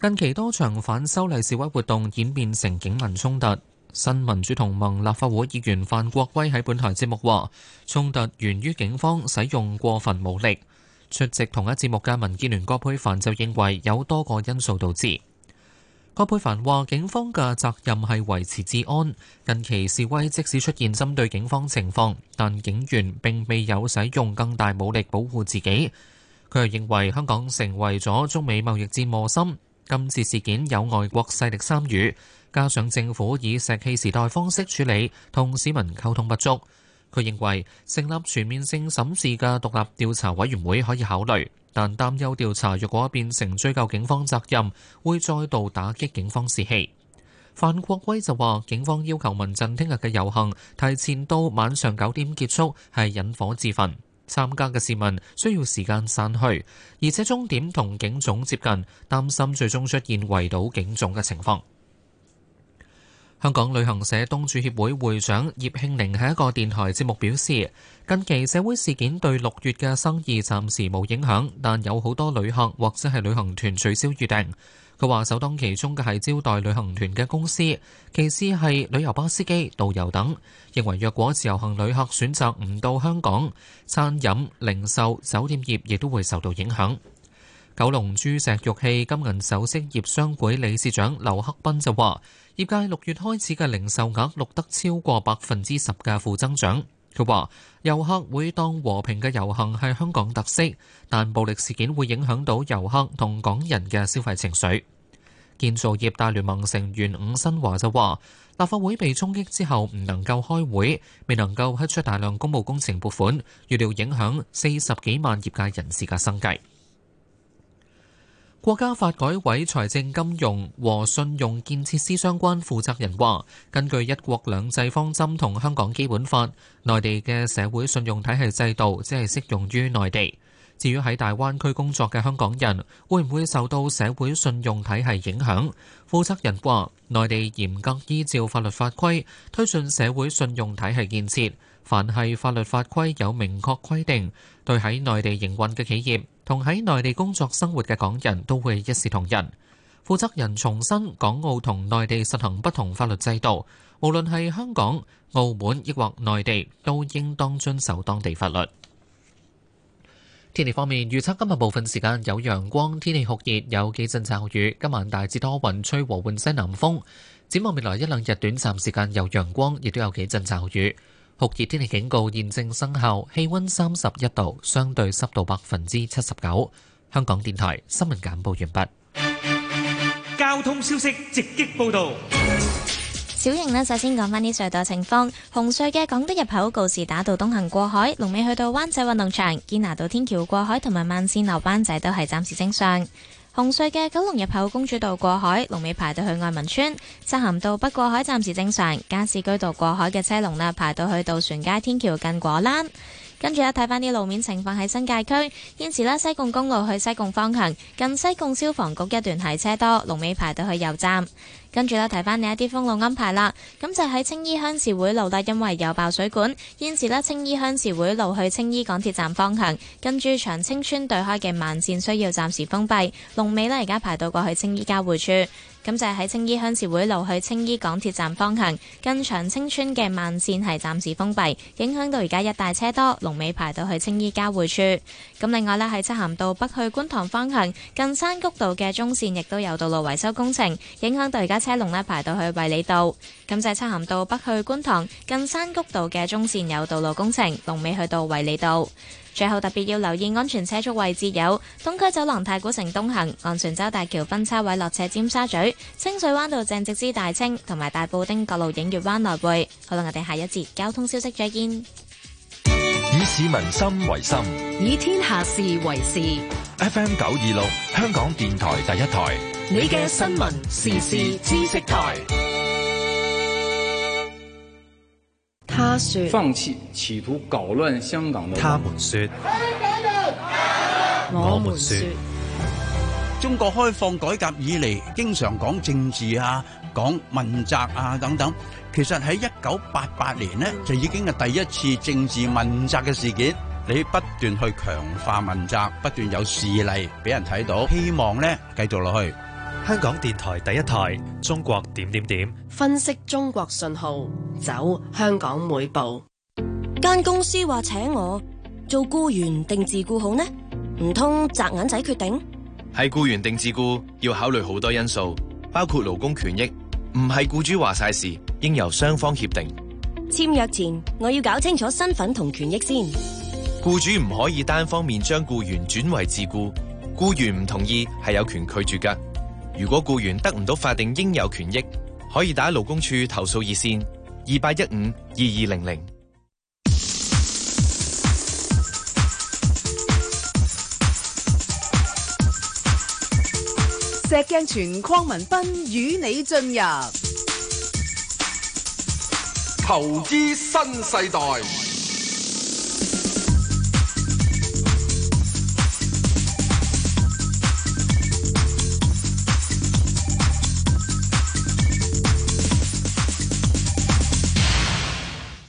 近期多場反修例示威活動演變成警民衝突。新民主同盟立法會議員范國威喺本台節目話：衝突源於警方使用過分武力。出席同一節目嘅民建聯葛珮帆就認為有多個因素導致。葛珮帆話：警方嘅責任係維持治安。近期示威即使出現針對警方情況，但警員並未有使用更大武力保護自己。佢又認為香港成為咗中美貿易戰磨心。今次事件有外國勢力參與，加上政府以石器時代方式處理，同市民溝通不足。佢認為成立全面性審視嘅獨立調查委員會可以考慮，但擔憂調查若果變成追究警方責任，會再度打擊警方士氣。范國威就話，警方要求民陣聽日嘅遊行提前到晚上九點結束，係引火自焚。參加嘅市民需要時間散去，而且終點同警總接近，擔心最終出現圍堵警總嘅情況。香港旅行社東主協會會長葉慶寧喺一個電台節目表示，近期社會事件對六月嘅生意暫時冇影響，但有好多旅客或者係旅行團取消預訂。佢話：首當其沖嘅係招待旅行團嘅公司，其次係旅遊巴司機、導遊等。認為若果自由行旅客選擇唔到香港，餐飲、零售、酒店業亦都會受到影響。九龍珠石玉器、金銀首飾業商會理事長劉克斌就話：業界六月開始嘅零售額錄得超過百分之十嘅負增長。佢話：遊客會當和平嘅遊行係香港特色，但暴力事件會影響到遊客同港人嘅消費情緒。建造業大聯盟成員伍新華就話：立法會被衝擊之後，唔能夠開會，未能夠批出大量公務工程撥款，預料影響四十幾萬業界人士嘅生計。國家發改委財政金融和信用建設司相關負責人話：根據一國兩制方針同香港基本法，內地嘅社會信用體系制度只係適用於內地。至於喺大灣區工作嘅香港人，會唔會受到社會信用體系影響？負責人話：內地嚴格依照法律法規推進社會信用體系建設，凡係法律法規有明確規定，對喺內地營運嘅企業同喺內地工作生活嘅港人都會一視同仁。負責人重申，港澳同內地實行不同法律制度，無論係香港、澳門抑或內地，都應當遵守當地法律。天氣方面，預測今日部分時間有陽光，天氣酷熱，有幾陣驟雨。今晚大致多雲，吹和緩西南風。展望未來一兩日，短暫時間有陽光，亦都有幾陣驟雨。酷熱天氣警告現正生效，氣溫三十一度，相對濕度百分之七十九。香港電台新聞簡報完畢。交通消息直擊報道。小型呢，首先講返啲隧道情況。紅隧嘅港島入口告士打道東行過海，龍尾去到灣仔運動場堅拿道天橋過海，同埋慢線漏灣仔都係暫時正常。紅隧嘅九龍入口公主道過海，龍尾排到去愛民村漆咸道北過海暫時正常。加士居道過海嘅車龍呢，排到去渡船街天橋近果欄。跟住咧睇翻啲路面情況，喺新界區，現時呢，西貢公路去西貢方向近西貢消防局一段係車多，龍尾排到去油站。跟住咧提翻你一啲封路安排啦，咁就喺青衣鄉事會路啦，因為有爆水管，現時呢，青衣鄉事會路去青衣港鐵站方向，跟住長青村對開嘅慢線需要暫時封閉，龍尾呢，而家排到過去青衣交匯處。咁就係喺青衣鄉事會路去青衣港鐵站方向，近長青村嘅慢綫係暫時封閉，影響到而家一大車多龍尾排到去青衣交匯處。咁另外呢，喺漆咸道北去觀塘方向，近山谷道嘅中綫亦都有道路維修工程，影響到而家車龍呢排到去衛理道。咁就係漆咸道北去觀塘，近山谷道嘅中綫有道路工程，龍尾去到衛理道。最後特別要留意安全車速位置有東區走廊、太古城東行、昂船洲大橋分叉位、落斜尖沙咀、清水灣道鄭直之大清同埋大布丁各路、映月灣來回。好啦，我哋下一節交通消息再見。以市民心為心，以天下事為事。FM 九二六，香港電台第一台，你嘅新聞時事知識台。他說放棄企圖搞亂香港的，他們說，香港人，我們說，中國開放改革以嚟，經常講政治啊，講問責啊等等。其實喺一九八八年呢，就已經係第一次政治問責嘅事件。你不斷去強化問責，不斷有事例俾人睇到，希望咧繼續落去。香港電台第一台，中國點點點分析中國信號，走香港每步。間公司話，請我做僱員定自雇好呢？唔通擲銀仔決定？係僱員定自雇要考慮好多因素，包括勞工權益，唔係僱主話晒事，應由雙方協定。簽約前，我要搞清楚身份同權益先。僱主唔可以單方面將僱員轉為自雇，僱員唔同意，係有權拒絕噶。如果僱員得唔到法定應有權益，可以打勞工處投訴熱綫二八一五二二零零。石鏡泉、鄺民彬與你進入投資新世代。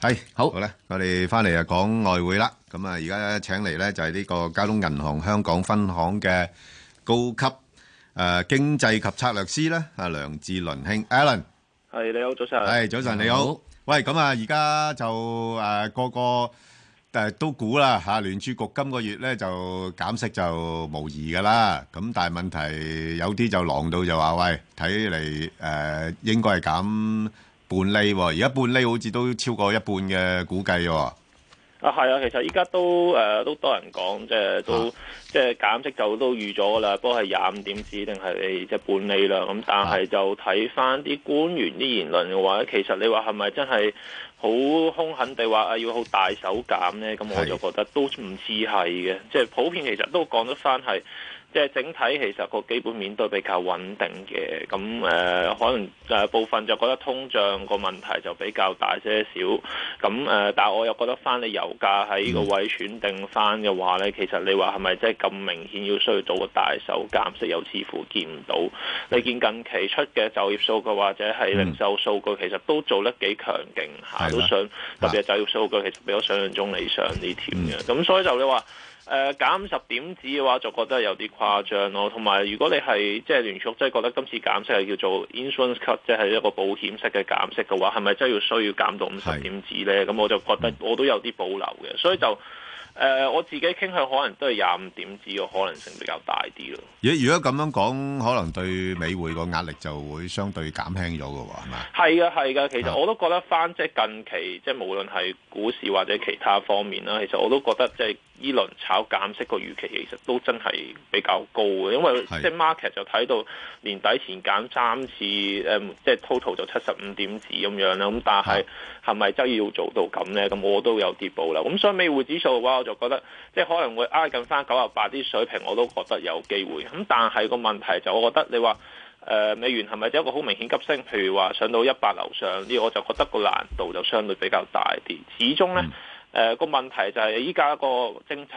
係好好啦，我哋翻嚟啊講外匯啦，咁啊而家請嚟咧就係呢個交通銀行香港分行嘅高級誒經濟及策略師咧，阿梁志倫兄 Allen，係你好，早晨，係早晨你好，喂，咁啊而家就誒個個誒都估啦吓，聯儲局今個月咧就減息就無疑噶啦，咁但係問題有啲就狼到就話喂，睇嚟誒應該係減。半厘喎、哦，而家半厘好似都超過一半嘅估計喎、哦。啊，係啊，其實依家都誒、呃、都多人講，即係都、啊、即係減息就都預咗噶啦。不過係廿五點子定係、哎、即係半厘啦。咁但係就睇翻啲官員啲言論嘅話，其實你話係咪真係好兇狠地話啊，要好大手減咧？咁我就覺得都唔似係嘅，的即係普遍其實都講得翻係。即係整體其實個基本面都比較穩定嘅，咁誒、呃、可能誒部分就覺得通脹個問題就比較大些少，咁誒、呃，但係我又覺得翻你油價喺呢個位選定翻嘅話咧，嗯、其實你話係咪即係咁明顯要需要做個大手減息，又似乎見唔到。嗯、你見近期出嘅就業數據或者係零售數據，其實都做得幾強勁下，嗯、都想、嗯、特別係就業數據其實比我想象中理想啲添。嘅、嗯，咁、嗯、所以就你話。誒減五十點子嘅話，就覺得有啲誇張咯。同埋，如果你係即係聯儲，即係覺得今次減息係叫做 insurance cut，即係一個保險式嘅減息嘅話，係咪真係要需要減到五十點子咧？咁我就覺得我都有啲保留嘅，所以就誒我自己傾向可能都係廿五點子嘅可能性比較大啲咯。如果咁樣講，可能對美匯個壓力就會相對減輕咗嘅喎，係嘛？係嘅，係嘅。其實我都覺得翻即係近期，即係無論係股市或者其他方面啦，其實我都覺得即係。呢輪炒減息個預期其實都真係比較高嘅，因為即係 market 就睇到年底前減三次，誒、嗯，即係 total 就七十五點子咁樣啦。咁、嗯、但係係咪真要做到咁呢？咁我都有啲保留啦。咁、嗯、所以美匯指數嘅話，我就覺得即係可能會挨近翻九十八啲水平，我都覺得有機會。咁、嗯、但係個問題就，我覺得你話誒、呃、美元係咪就有一個好明顯急升？譬如話上到一百樓上呢，這個、我就覺得個難度就相對比較大啲。始終呢。嗯誒、呃、個問題就係依家個政策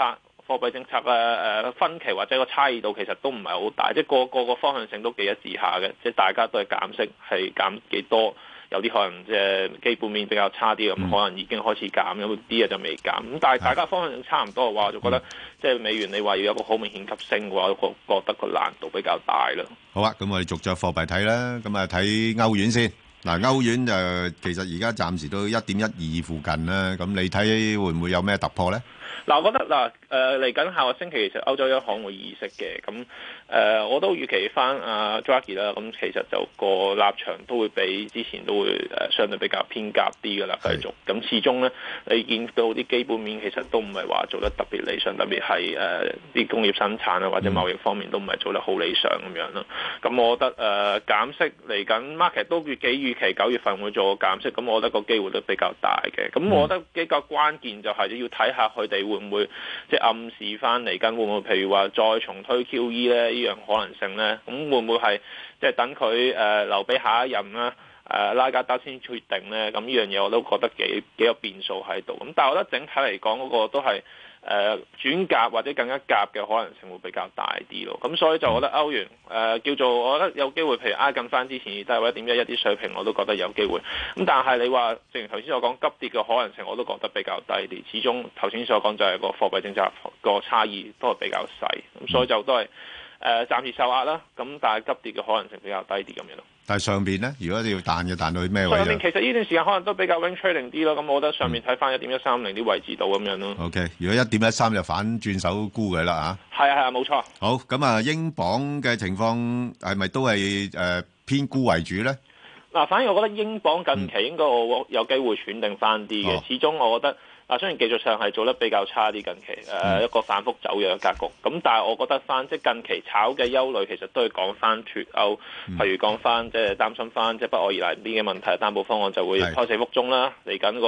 貨幣政策嘅誒、呃、分歧或者個差異度其實都唔係好大，即係個個個方向性都幾一致下嘅，即係大家都係減息，係減幾多，有啲可能即係基本面比較差啲咁，嗯、可能已經開始減，有啲嘢就未減。咁但係大家方向性差唔多嘅話，我就覺得、嗯、即係美元你話要有一個好明顯急升嘅話，我覺得個難度比較大啦。好啊，咁我哋逐隻貨幣睇啦，咁啊睇歐元先。嗱，歐元就、呃、其實而家暫時都一點一二附近啦，咁、啊嗯、你睇會唔會有咩突破咧？嗱、啊，我覺得嗱，誒嚟緊下個星期其實歐洲央行會議息嘅，咁、啊、誒我都預期翻阿 Draghi 啦，咁、啊啊啊啊啊、其實就個立場都會比之前都會誒相對比較偏鴿啲嘅啦，繼續是。咁、啊、始終咧，你見到啲基本面其實都唔係話做得特別理想，特別係誒啲工業生產啊或者貿易方面都唔係做得好理想咁樣咯。咁我覺得誒減息嚟緊 market 都月幾預期九月份會做個減息，咁、嗯、我覺得個機會都比較大嘅。咁我覺得比較關鍵就係要睇下佢哋。會唔會即係暗示翻嚟緊會唔會？譬如話再重推 QE 呢？呢樣可能性呢？咁會唔會係即係等佢誒、呃、留俾下一任啦誒拉加德先決定呢？咁呢樣嘢，我都覺得幾幾有變數喺度。咁但係我覺得整體嚟講，嗰個都係誒、呃、轉鴿或者更加鴿嘅可能性會比較大啲咯，咁、嗯、所以就我覺得歐元誒、呃、叫做我覺得有機會，譬如挨近翻之前都位或者一點一嘅一啲水平，我都覺得有機會。咁、嗯、但係你話正如頭先所講急跌嘅可能性，我都覺得比較低啲。始終頭先所講就係個貨幣政策個差異都係比較細，咁、嗯、所以就都係。誒、呃、暫時受壓啦，咁但係急跌嘅可能性比較低啲咁樣咯。但係上邊咧，如果你要彈嘅彈到去咩位？上邊其實呢段時間可能都比較 range trading 啲咯。咁我覺得上面睇翻一點一三零啲位置度咁樣咯。OK，如果一點一三就反轉手沽佢啦吓，係啊係啊，冇、啊啊、錯。好咁啊，英鎊嘅情況係咪都係誒、呃、偏沽為主咧？嗱，反而我覺得英鎊近期應該有機會轉定翻啲嘅，嗯哦、始終我覺得。啊，雖然技術上係做得比較差啲近，近期，誒、呃 mm. 一個反覆走樣嘅格局。咁但係我覺得翻，即係近期炒嘅憂慮其實都係講翻脫歐，譬、mm. 如講翻即係擔心翻即係北愛爾蘭邊嘅問題，擔保方案就會拖四幅中啦。嚟緊個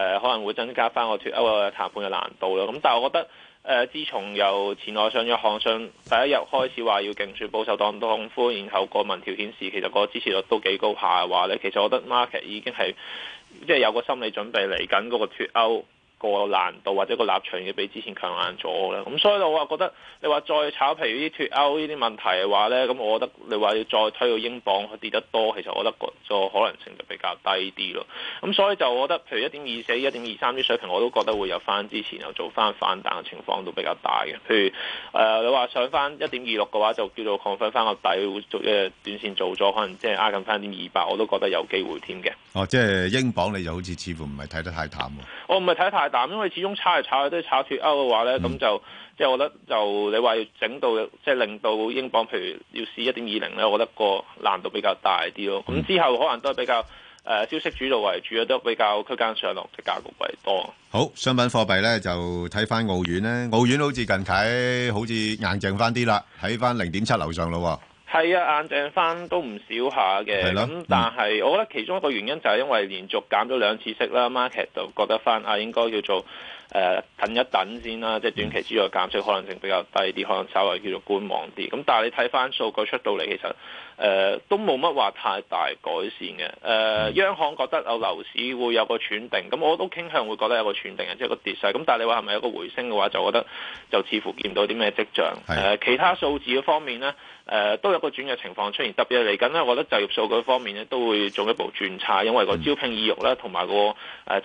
誒可能會增加翻個脫歐嘅談判嘅難度咯。咁但係我覺得誒、呃，自從由前外相約翰遜第一日開始話要競選保守黨黨魁，然後個民調顯示其實個支持率都幾高下嘅話咧，其實我覺得 market 已經係。即係有個心理準備嚟緊嗰個脫歐。個難度或者個立場要比之前強硬咗啦，咁所以我話覺得你話再炒譬如啲脫歐呢啲問題嘅話呢，咁我覺得你話要再推到英鎊佢跌得多，其實我覺得個可能性就比較低啲咯。咁所以就我覺得譬如一點二四、一點二三啲水平，我都覺得會有翻之前又做翻反彈嘅情況都比較大嘅。譬如誒、呃，你話上翻一點二六嘅話，就叫做 confirm 翻個底，會做嘅短線做咗，可能即係挨近翻一點二八，我都覺得有機會添嘅。哦，即係英鎊你又好似似乎唔係睇得太淡喎。我唔係睇得太。因為始終炒嚟炒去，都係炒脱歐嘅話咧，咁、嗯、就即係、就是、我覺得就你話要整到即係、就是、令到英鎊，譬如要試一點二零咧，我覺得個難度比較大啲咯。咁、嗯、之後可能都係比較誒消息主導為主，都比較區間上落嘅格局為多。好，商品貨幣咧就睇翻澳元咧，澳元好似近睇好似硬淨翻啲啦，喺翻零點七樓上咯。係啊，硬淨翻都唔少下嘅，咁的、嗯、但係我覺得其中一個原因就係因為連續減咗兩次息啦，market 就覺得翻啊，應該叫做誒、呃、等一等先啦，即係短期之內減息可能性比較低啲，可能稍微叫做觀望啲。咁、嗯、但係你睇翻數據出到嚟，其實。誒、呃、都冇乜話太大改善嘅，誒、呃嗯、央行覺得有樓市會有個轉定，咁我都傾向會覺得有個轉定嘅，即、就、係、是、個跌勢。咁但係你話係咪有個回升嘅話，就覺得就似乎見唔到啲咩跡象。誒是、呃、其他數字方面呢，誒、呃、都有個轉嘅情況出現。特別嚟緊呢，我覺得就業數據方面呢，都會進一步轉差，因為個招聘意欲咧同埋個誒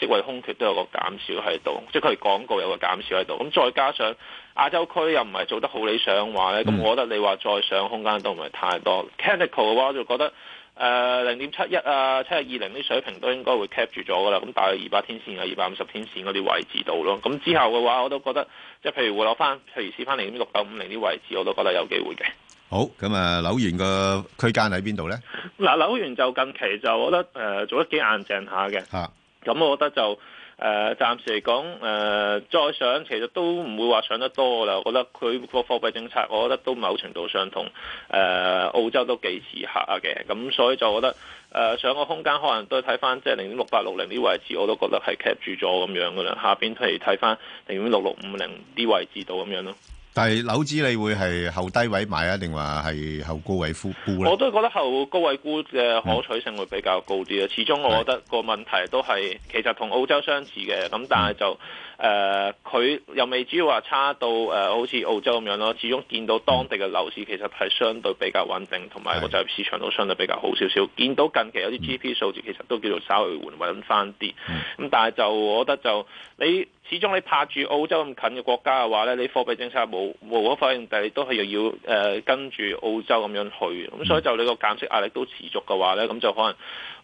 職位空缺都有個減少喺度，即係佢廣告有個減少喺度。咁再加上。亞洲區又唔係做得好理想嘅話咧，咁、嗯、我覺得你話再上空間都唔係太多。Technical 嘅話，我就覺得誒零點七一啊、七二零啲水平都應該會 cap 住咗噶啦，咁大概二百天線啊、二百五十天線嗰啲位置度咯。咁之後嘅話，我都覺得即係譬如會攞翻，譬如試翻零點六九五零啲位置，我都覺得有機會嘅。好，咁啊紐元個區間喺邊度咧？嗱，紐元就近期就我覺得誒、呃、做得幾硬淨下嘅，咁、啊、我覺得就。誒，呃、暫時嚟講，誒、呃、再上其實都唔會話上得多噶啦。我覺得佢個貨幣政策，我覺得都某程度上同誒、呃、澳洲都幾似下嘅。咁所以就覺得誒、呃、上個空間可能都係睇翻即係零點六八六零啲位置，我都覺得係 cap 住咗咁樣噶啦。下邊譬如睇翻零點六六五零啲位置度咁樣咯。係，樓市，你會係後低位買啊，定話係後高位沽沽咧？我都係覺得後高位沽嘅可取性會比較高啲啊。始終我覺得個問題都係其實同澳洲相似嘅，咁但係就。誒佢、呃、又未主要話差到誒、呃，好似澳洲咁樣咯。始終見到當地嘅樓市其實係相對比較穩定，同埋個就業市場都相對比較好少少。見到近期有啲 GP 數字其實都叫做稍微緩穩翻啲。咁、嗯、但係就我覺得就你始終你拍住澳洲咁近嘅國家嘅話咧，你貨幣政策冇冇可否認，但你都係又要誒、呃、跟住澳洲咁樣去。咁所以就你個減息壓力都持續嘅話咧，咁就可能。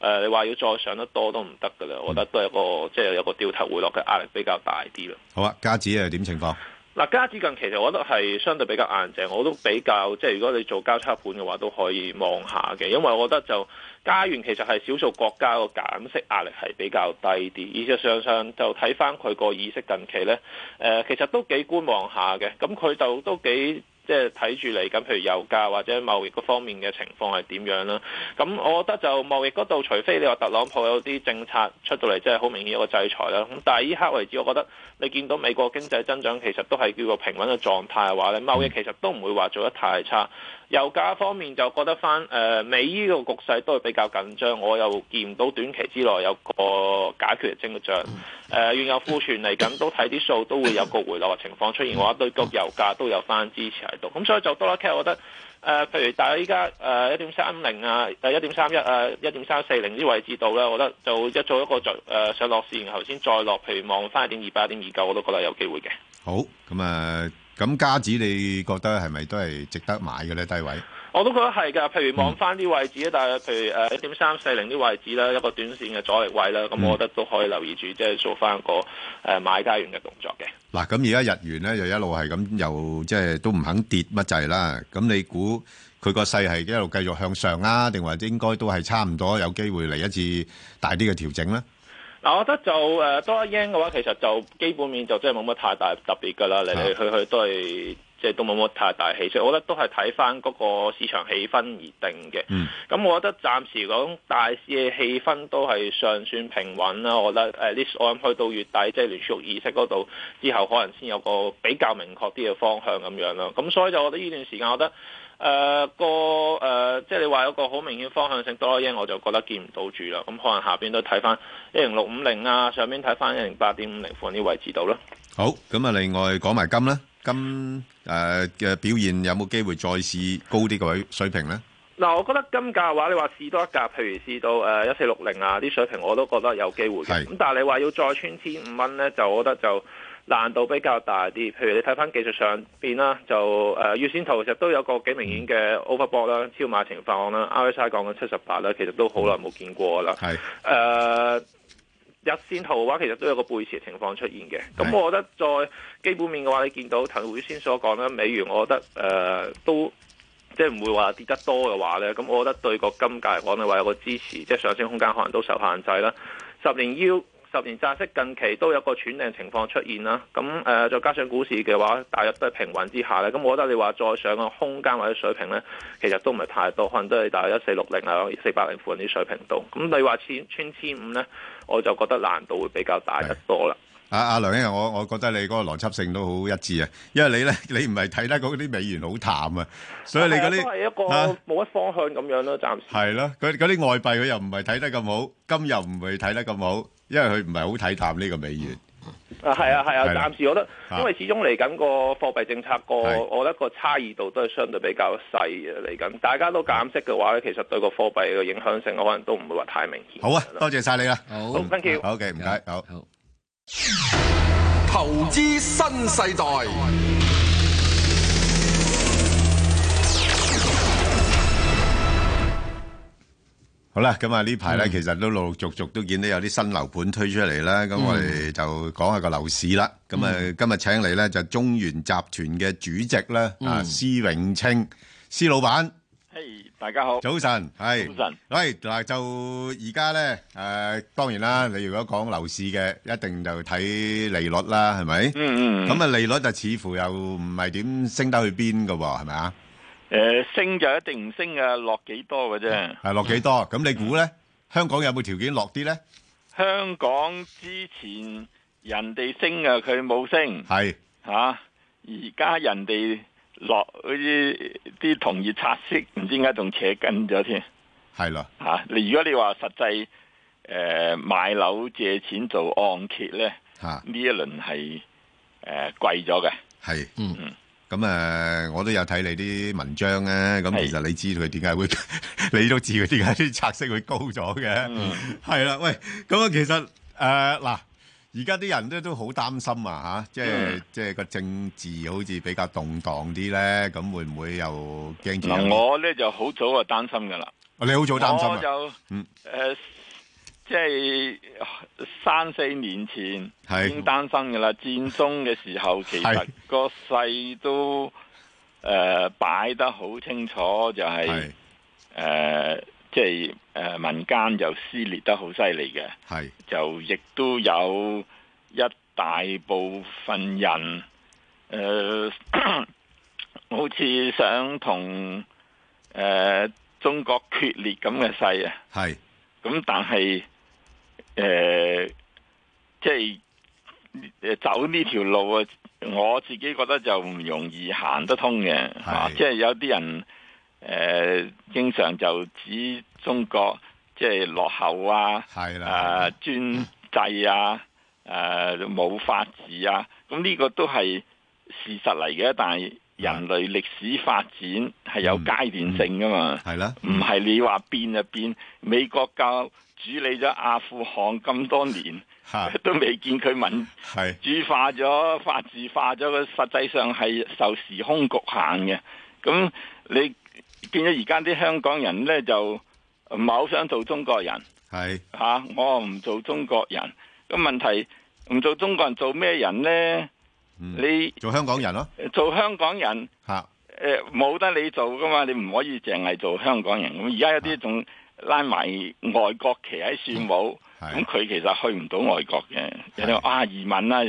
誒、呃，你話要再上得多都唔得㗎喇，嗯、我覺得都係個即係、就是、有個掉頭回落嘅壓力比較大啲啦。好啊，加紙又點情況？嗱，加紙近期其實我覺得係相對比較硬淨，我都比較即係，如果你做交叉盤嘅話，都可以望下嘅，因為我覺得就加元其實係少數國家個減息壓力係比較低啲，而且上上就睇返佢個意識近期咧，誒、呃，其實都幾觀望下嘅，咁佢就都幾。即係睇住嚟緊，譬如油價或者貿易嗰方面嘅情況係點樣啦？咁我覺得就貿易嗰度，除非你話特朗普有啲政策出到嚟，即係好明顯一個制裁啦。咁但係依刻為止，我覺得你見到美國經濟增長其實都係叫做個平穩嘅狀態嘅話咧，貿易其實都唔會話做得太差。油價方面就覺得翻誒美依個局勢都係比較緊張，我又見唔到短期之內有個解決嘅跡象。誒原、呃、油庫存嚟緊，都睇啲數都會有個回落嘅情況出現嘅話，對個油價都有翻支持喺度。咁、嗯、所以就多啦，其實我覺得誒、呃，譬如大家依家誒一點三零啊，誒一點三一誒一點三四零啲位置度咧，我覺得就一做一個誒上落線，然後先再落。譬如望翻一點二八、一點二九，我都覺得有機會嘅。好，咁啊，咁、呃、家子你覺得係咪都係值得買嘅咧低位？我都覺得係㗎，譬如望翻啲位置咧，嗯、但係譬如誒一點三四零啲位置啦，一個短線嘅阻力位啦，咁、嗯、我覺得都可以留意住，即、就、係、是、做翻個誒買家型嘅動作嘅。嗱，咁而家日元咧就一路係咁，又即係都唔肯跌乜滯啦。咁你估佢個勢係一路繼續向上啦、啊，定或者應該都係差唔多有機會嚟一次大啲嘅調整咧？嗱，我覺得就誒多一英嘅話，其實就基本面就真係冇乜太大特別㗎啦，嚟嚟、啊、去，去去都係。即係都冇乜太大氣息，所以我覺得都係睇翻嗰個市場氣氛而定嘅。咁、嗯、我覺得暫時講大市嘅氣氛都係尚算平穩啦。我覺得誒，呢我諗去到月底即係、就是、聯儲議息嗰度之後，可能先有個比較明確啲嘅方向咁樣咯。咁所以就我覺得呢段時間，我覺得誒、呃、個誒、呃、即係你話有個好明顯方向性多呢，我就覺得見唔到住啦。咁可能下邊都睇翻一零六五零啊，上面睇翻一零八點五零附近啲位置度咯。好，咁啊，另外講埋金啦。今誒嘅、呃呃、表現有冇機會再試高啲個水平呢？嗱，我覺得金價嘅話，你話試多一格，譬如試到誒一四六零啊啲水平，我都覺得有機會嘅。咁是但係你話要再穿千五蚊呢，就我覺得就難度比較大啲。譬如你睇翻技術上面啦，就誒、呃、月線圖其實都有個幾明顯嘅 overbought 啦、超買情況啦，RSI 講緊七十八啦，SI、78，其實都好耐冇見過啦。係誒。日線圖嘅話，其實都有個背馳情況出現嘅。咁、嗯、我覺得在基本面嘅話，你見到騰會先所講咧，美元我覺得誒、呃、都即係唔會話跌得多嘅話咧，咁、嗯、我覺得對個金價嚟講咧，話有個支持，即、就、係、是、上升空間可能都受限制啦。十年 U。十年債息近期都有個喘定情況出現啦，咁誒、呃、再加上股市嘅話，大約都係平穩之下咧，咁我覺得你話再上嘅空間或者水平咧，其實都唔係太多，可能都係大約一四六零啊，四八零附近啲水平度。咁你話穿穿千五咧，我就覺得難度會比較大得多啦。阿阿梁兄，我我覺得你嗰個邏輯性都好一致啊，因為你咧，你唔係睇得嗰啲美元好淡啊，所以你嗰啲係一個冇乜方向咁樣咯，暫時係咯，佢嗰啲外幣佢又唔係睇得咁好，金又唔會睇得咁好，因為佢唔係好睇淡呢個美元啊，係啊係啊，暫時我覺得，因為始終嚟緊個貨幣政策個我覺得個差異度都係相對比較細嘅嚟緊，大家都減息嘅話咧，其實對個貨幣嘅影響性，我可能都唔會話太明顯。好啊，多謝曬你啦，好 thank you，OK，唔該，好。投資新世代，好啦，咁啊呢排呢，其實都陸陸續續都見到有啲新樓盤推出嚟啦，咁我哋就講下個樓市啦。咁啊，今日請嚟呢就中原集團嘅主席啦啊，施永青，施老闆。大家好，早晨，係早晨，喂，嗱就而家咧，誒，當然啦，你如果講樓市嘅，一定就睇利率啦，係咪？嗯嗯。咁啊，利率就似乎又唔係點升得去邊噶，係咪啊？誒，升就一定唔升啊，落幾多㗎啫。係落幾多？咁你估咧？香港有冇條件落啲咧？香港之前人哋升啊，佢冇升。係。吓，而家人哋。落嗰啲啲同業拆息，唔知點解仲扯緊咗添？係咯的，吓你、啊、如果你話實際誒、呃、買樓借錢做按揭咧，吓呢、啊、一輪係誒貴咗嘅。係、呃，嗯，咁誒、嗯、我都有睇你啲文章咧、啊，咁其實你知道佢點解會，是 <laughs> 你都知佢點解啲拆息會高咗嘅。嗯，係啦， <laughs> 喂，咁啊，其實誒嗱。呃而家啲人咧都好擔心啊，嚇，嗯、即係即係個政治好似比較動盪啲咧，咁會唔會又驚住？我咧就好早就擔心噶啦、啊，你好早就擔心，我就嗯、呃、即係三四年前是已經擔心噶啦，是戰爭嘅時候其實是個勢都誒、呃、擺得好清楚，就係、是、誒。是呃即係誒，民間就撕裂得好犀利嘅，係是就亦都有一大部分人誒、呃， <coughs> 好似想同誒、呃、中國決裂咁嘅勢啊，係咁是但係誒，即、呃、係、就是、走呢條路啊，我自己覺得就唔容易行得通嘅，係即係有啲人。誒、呃，經常就指中國即係落後啊，係啦的，專、呃、制啊，誒冇、 <laughs> 呃、法治啊，咁呢個都係事實嚟嘅。但係人類歷史發展係有階段性噶嘛，係啦的，唔係你話變就變。美國教主理咗阿富汗咁多年，的都未見佢民主化咗的法治化咗，佢實際上係受時空局限嘅。咁你？變咗而家啲香港人咧就唔係好想做中國人，係吓是、啊、我唔做中國人。咁問題唔做中國人做咩人咧？嗯、你做香港人咯？做香港人吓，誒冇得你做噶嘛？你唔可以淨係做香港人。咁而家有啲仲拉埋外國旗喺算，冇咁佢其實去唔到外國嘅。是有啲話啊移民啦，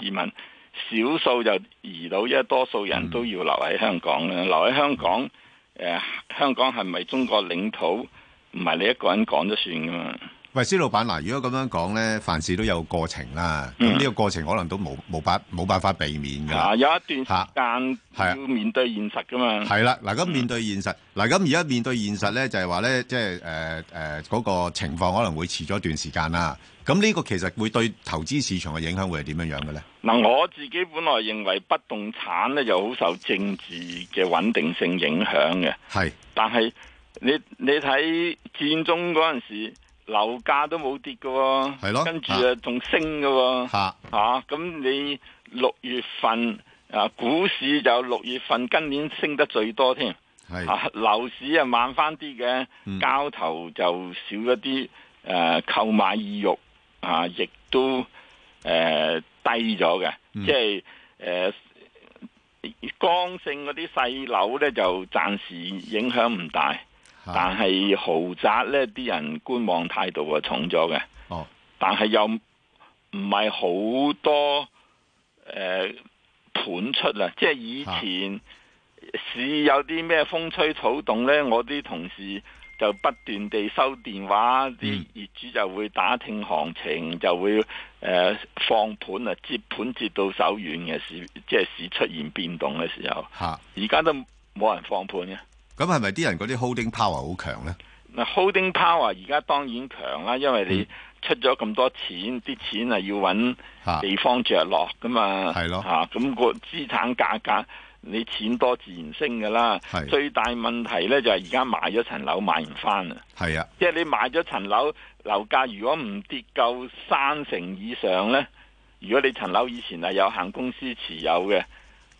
移民少、啊、數是就移到，因為多數人都要留喺香港啦，留喺香港。嗯呃、香港係咪中國領土？唔係你一個人講咗算㗎嘛？喂，石老闆，嗱、啊，如果咁樣講咧，凡事都有過程啦。咁呢、嗯、個過程可能都無無辦冇辦法避免噶、啊。有一段時間係、啊、要面對現實噶嘛。係啦，嗱、啊，咁面對現實，嗱、嗯，咁而家面對現實咧，就係話咧，即係誒誒嗰個情況可能會遲咗一段時間啦。咁呢個其實會對投資市場嘅影響會係點樣樣嘅咧？嗱、啊，我自己本來認為不動產咧就好受政治嘅穩定性影響嘅，係的。但係你你睇佔中嗰陣時，時。樓價都冇跌嘅、哦，係咯跟住、哦、啊仲升嘅，嚇咁、啊、你六月份啊股市就六月份今年升得最多添，係樓是、啊、市啊慢翻啲嘅，嗯、交投就少一啲，誒、呃、購買意欲啊亦都誒、呃、低咗嘅，嗯、即係誒、呃、剛性嗰啲細樓呢，就暫時影響唔大。但係豪宅呢啲人觀望態度啊重咗嘅。哦、但係又唔係好多誒盤、呃、出啦。即係以前市有啲咩風吹草動呢？我啲同事就不斷地收電話，啲、嗯、業主就會打聽行情，就會誒、呃、放盤啊，接盤接到手軟嘅市，即係市出現變動嘅時候。吓、啊，而家都冇人放盤嘅。咁係咪啲人嗰啲 holding power 好強呢？嗱，holding power 而家當然強啦，因為你出咗咁多錢，啲、嗯、錢係要揾地方着落噶嘛。係咯的，吓咁、啊那個資產價格，你錢多自然升噶啦。的最大問題呢就係而家買咗層樓買唔翻啊。係啊的，即係你買咗層樓，樓價如果唔跌夠三成以上呢，如果你層樓以前係有限公司持有嘅，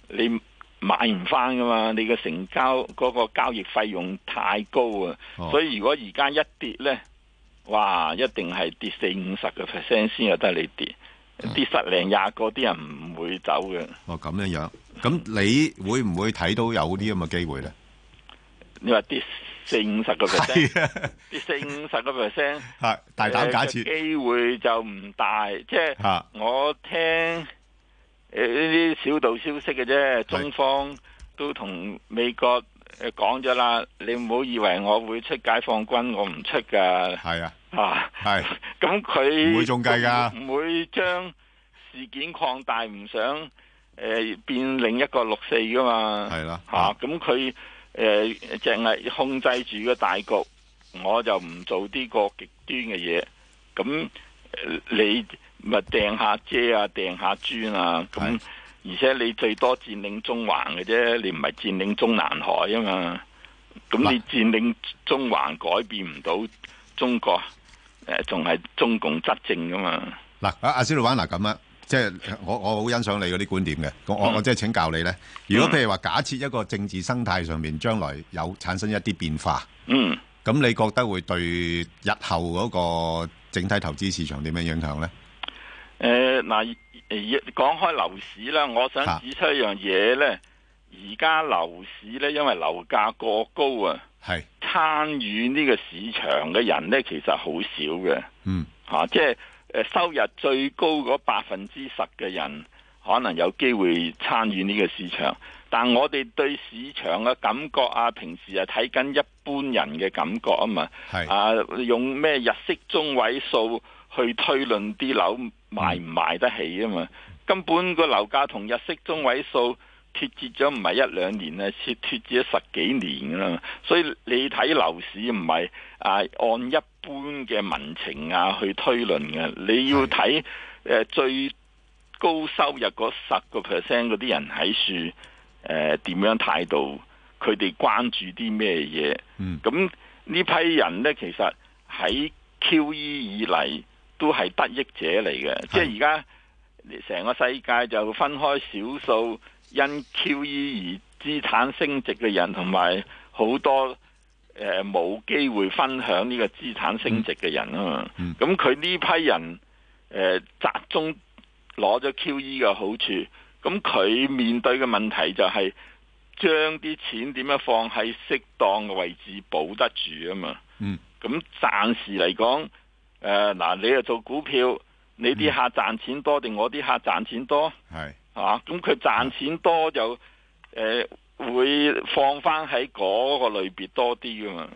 你買唔翻噶嘛？你個成交嗰個交易費用太高啊！哦、所以如果而家一跌咧，哇，一定係跌四五十個 percent 先有得你跌，啊、跌十零廿個，啲人唔會走嘅。哦，咁樣樣，咁你會唔會睇到有啲咁嘅機會咧？你話跌四五十個 percent，跌四五十個 percent，係大膽假設機會就唔大，即係、是啊、我聽。誒，呢啲小道消息嘅啫。是中方都同美國誒講咗啦，你唔好以為我會出解放軍，我唔出噶。係啊，吓、啊，係是，咁佢唔會中計噶，唔會將事件擴大，唔想誒、呃、變另一個六四噶嘛。係啦、啊、吓、啊，咁佢誒淨係控制住個大局，我就唔做啲個極端嘅嘢。咁、呃、你？咪掟下遮啊，掟下磚啊！咁的而且你最多佔領中環嘅啫，你唔係佔領中南海啊嘛！咁你佔領中環改變唔到中國，誒仲係中共執政噶嘛？嗱，阿阿小路灣，嗱咁啊，啊即係我我好欣賞你嗰啲觀點嘅，我、嗯、我，我即係請教你咧。如果譬如話假設一個政治生態上面將來有產生一啲變化，嗯，咁你覺得會對日後嗰個整體投資市場點樣影響咧？誒，嗱、呃，講、呃、開樓市啦，我想指出一樣嘢呢，而家樓市呢，因為樓價過高啊，係參與呢個市場嘅人呢，其實好少嘅，嗯，吓、啊，即係收入最高嗰百分之十嘅人，可能有機會參與呢個市場，但我哋對市場嘅感覺啊，平時係睇緊一般人嘅感覺啊嘛，是啊，用咩入息中位數去推論啲樓。賣唔賣得起啊嘛？根本個樓價同日息中位數脫節咗，唔係一兩年咧，脱脫節咗十幾年噶啦。所以你睇樓市唔係啊按一般嘅民情啊去推論嘅，你要睇誒是、呃、最高收入嗰十個 percent 嗰啲人喺處誒點、呃、樣態度，佢哋關注啲咩嘢？咁呢、嗯、批人呢，其實喺 QE 以嚟。都係得益者嚟嘅，即係而家成個世界就分開少數因 QE 而資產升值嘅人，同埋好多誒冇機會分享呢個資產升值嘅人啊嘛。嗯，咁佢呢批人誒、呃、集中攞咗 QE 嘅好處，咁佢面對嘅問題就係將啲錢點樣放喺適當嘅位置保得住啊嘛。嗯，咁暫時嚟講。誒，嗱、呃，你又做股票，你啲客賺錢多定我啲客賺錢多？係，吓是，咁佢賺錢多就誒、呃，會放翻喺嗰個類別多啲㗎嘛。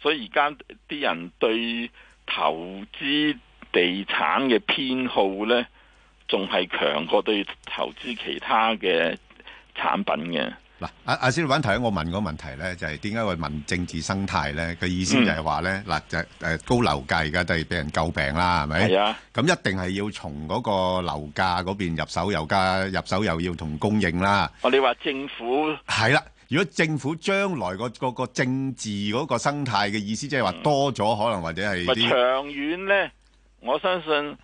所以而家啲人對投資地產嘅偏好呢，仲係強過對投資其他嘅產品嘅。嗱，阿阿小文頭先我問嗰個問題咧，就係點解會問政治生態咧？個意思就係話咧，嗱，就誒高樓價而家都係俾人詬病啦，係咪？係啊。咁一定係要從嗰個樓價嗰邊入手，油價入手又要同供應啦。哦，你話政府係啦，如果政府將來個嗰個政治嗰個生態嘅意思，即係話多咗可能或者係啲長遠咧，我相信誒，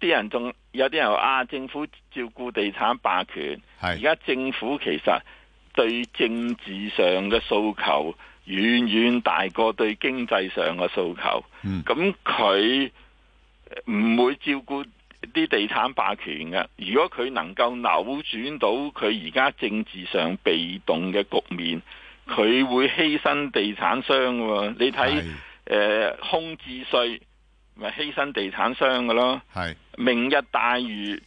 啲人仲有啲人話啊，政府照顧地產霸權，係而家政府其實，對政治上嘅訴求遠遠大過對經濟上嘅訴求，咁佢唔會照顧啲地產霸權嘅。如果佢能夠扭轉到佢而家政治上被動嘅局面，佢會犧牲地產商嘅。你睇，誒是、呃，空置稅。咪犧牲地產商噶咯，係是明日大嶼，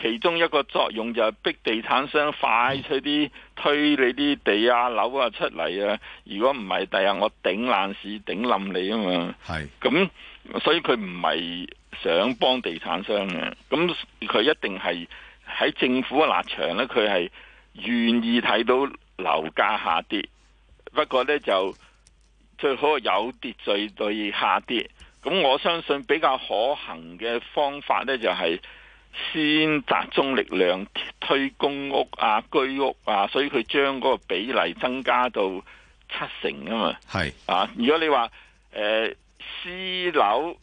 其中一個作用就係逼地產商快脆啲推你啲地啊、樓啊、嗯、出嚟啊，如果唔係第日我頂爛市頂冧你啊嘛。係咁是所以佢唔係想幫地產商嘅，咁佢一定係喺政府嘅立場呢，佢係願意睇到樓價下跌，不過呢，就最好有秩序對下跌。咁我相信比較可行嘅方法呢，就係、是、先集中力量推公屋啊、居屋啊，所以佢將嗰個比例增加到七成啊嘛。係是啊，如果你話誒私樓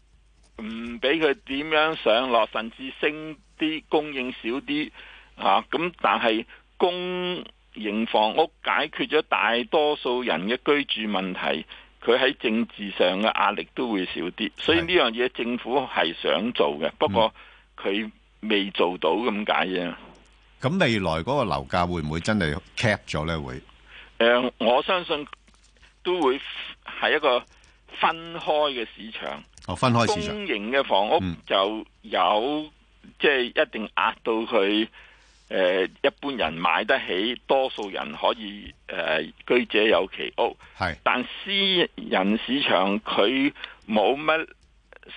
唔俾佢點樣上落，甚至升啲供應少啲啊，咁但係公營房屋解決咗大多數人嘅居住問題。佢喺政治上嘅壓力都會少啲，所以呢樣嘢政府係想做嘅，不過佢未做到咁解啫。咁、嗯、未來嗰個樓價會唔會真係 cap 咗呢？會誒、呃，我相信都會係一個分開嘅市場。哦，分開市場，公營嘅房屋就有、嗯、即係一定壓到佢。誒、呃、一般人買得起，多數人可以誒、呃、居者有其屋。係是，但私人市場佢冇乜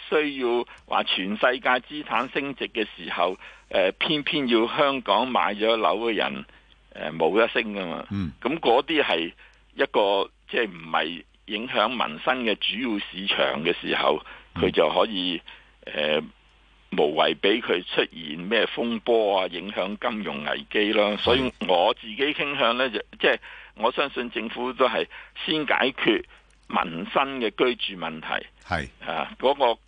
需要話全世界資產升值嘅時候，誒、呃、偏偏要香港買咗樓嘅人誒冇、呃、得升㗎嘛。嗯，咁嗰啲係一個即係唔係影響民生嘅主要市場嘅時候，佢就可以誒。嗯呃無謂俾佢出現咩風波啊，影響金融危機啦。所以我自己傾向呢，就即係我相信政府都係先解決民生嘅居住問題，係是啊，嗰、那個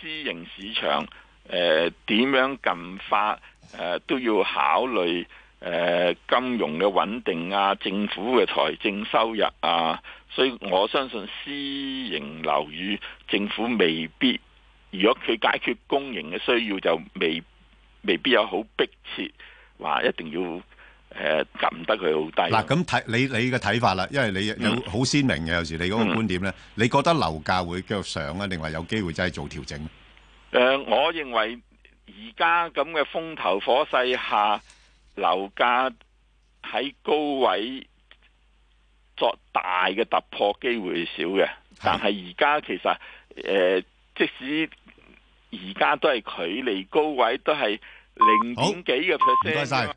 私營市場誒點、呃、樣近法誒都要考慮誒、呃、金融嘅穩定啊，政府嘅財政收入啊。所以我相信私營樓宇政府未必。如果佢解決公營嘅需要，就未未必有好迫切話一定要誒撳得佢好低。嗱、啊，咁睇你你嘅睇法啦，因為你有好鮮明嘅，嗯、有時你嗰個觀點咧，嗯、你覺得樓價會繼續上呀，定話有機會真係做調整？誒、呃，我認為而家咁嘅風頭火勢下，樓價喺高位作大嘅突破機會少嘅。但係而家其實誒、呃，即使而家都係距離高位都係零點幾個 percent。謝謝。樣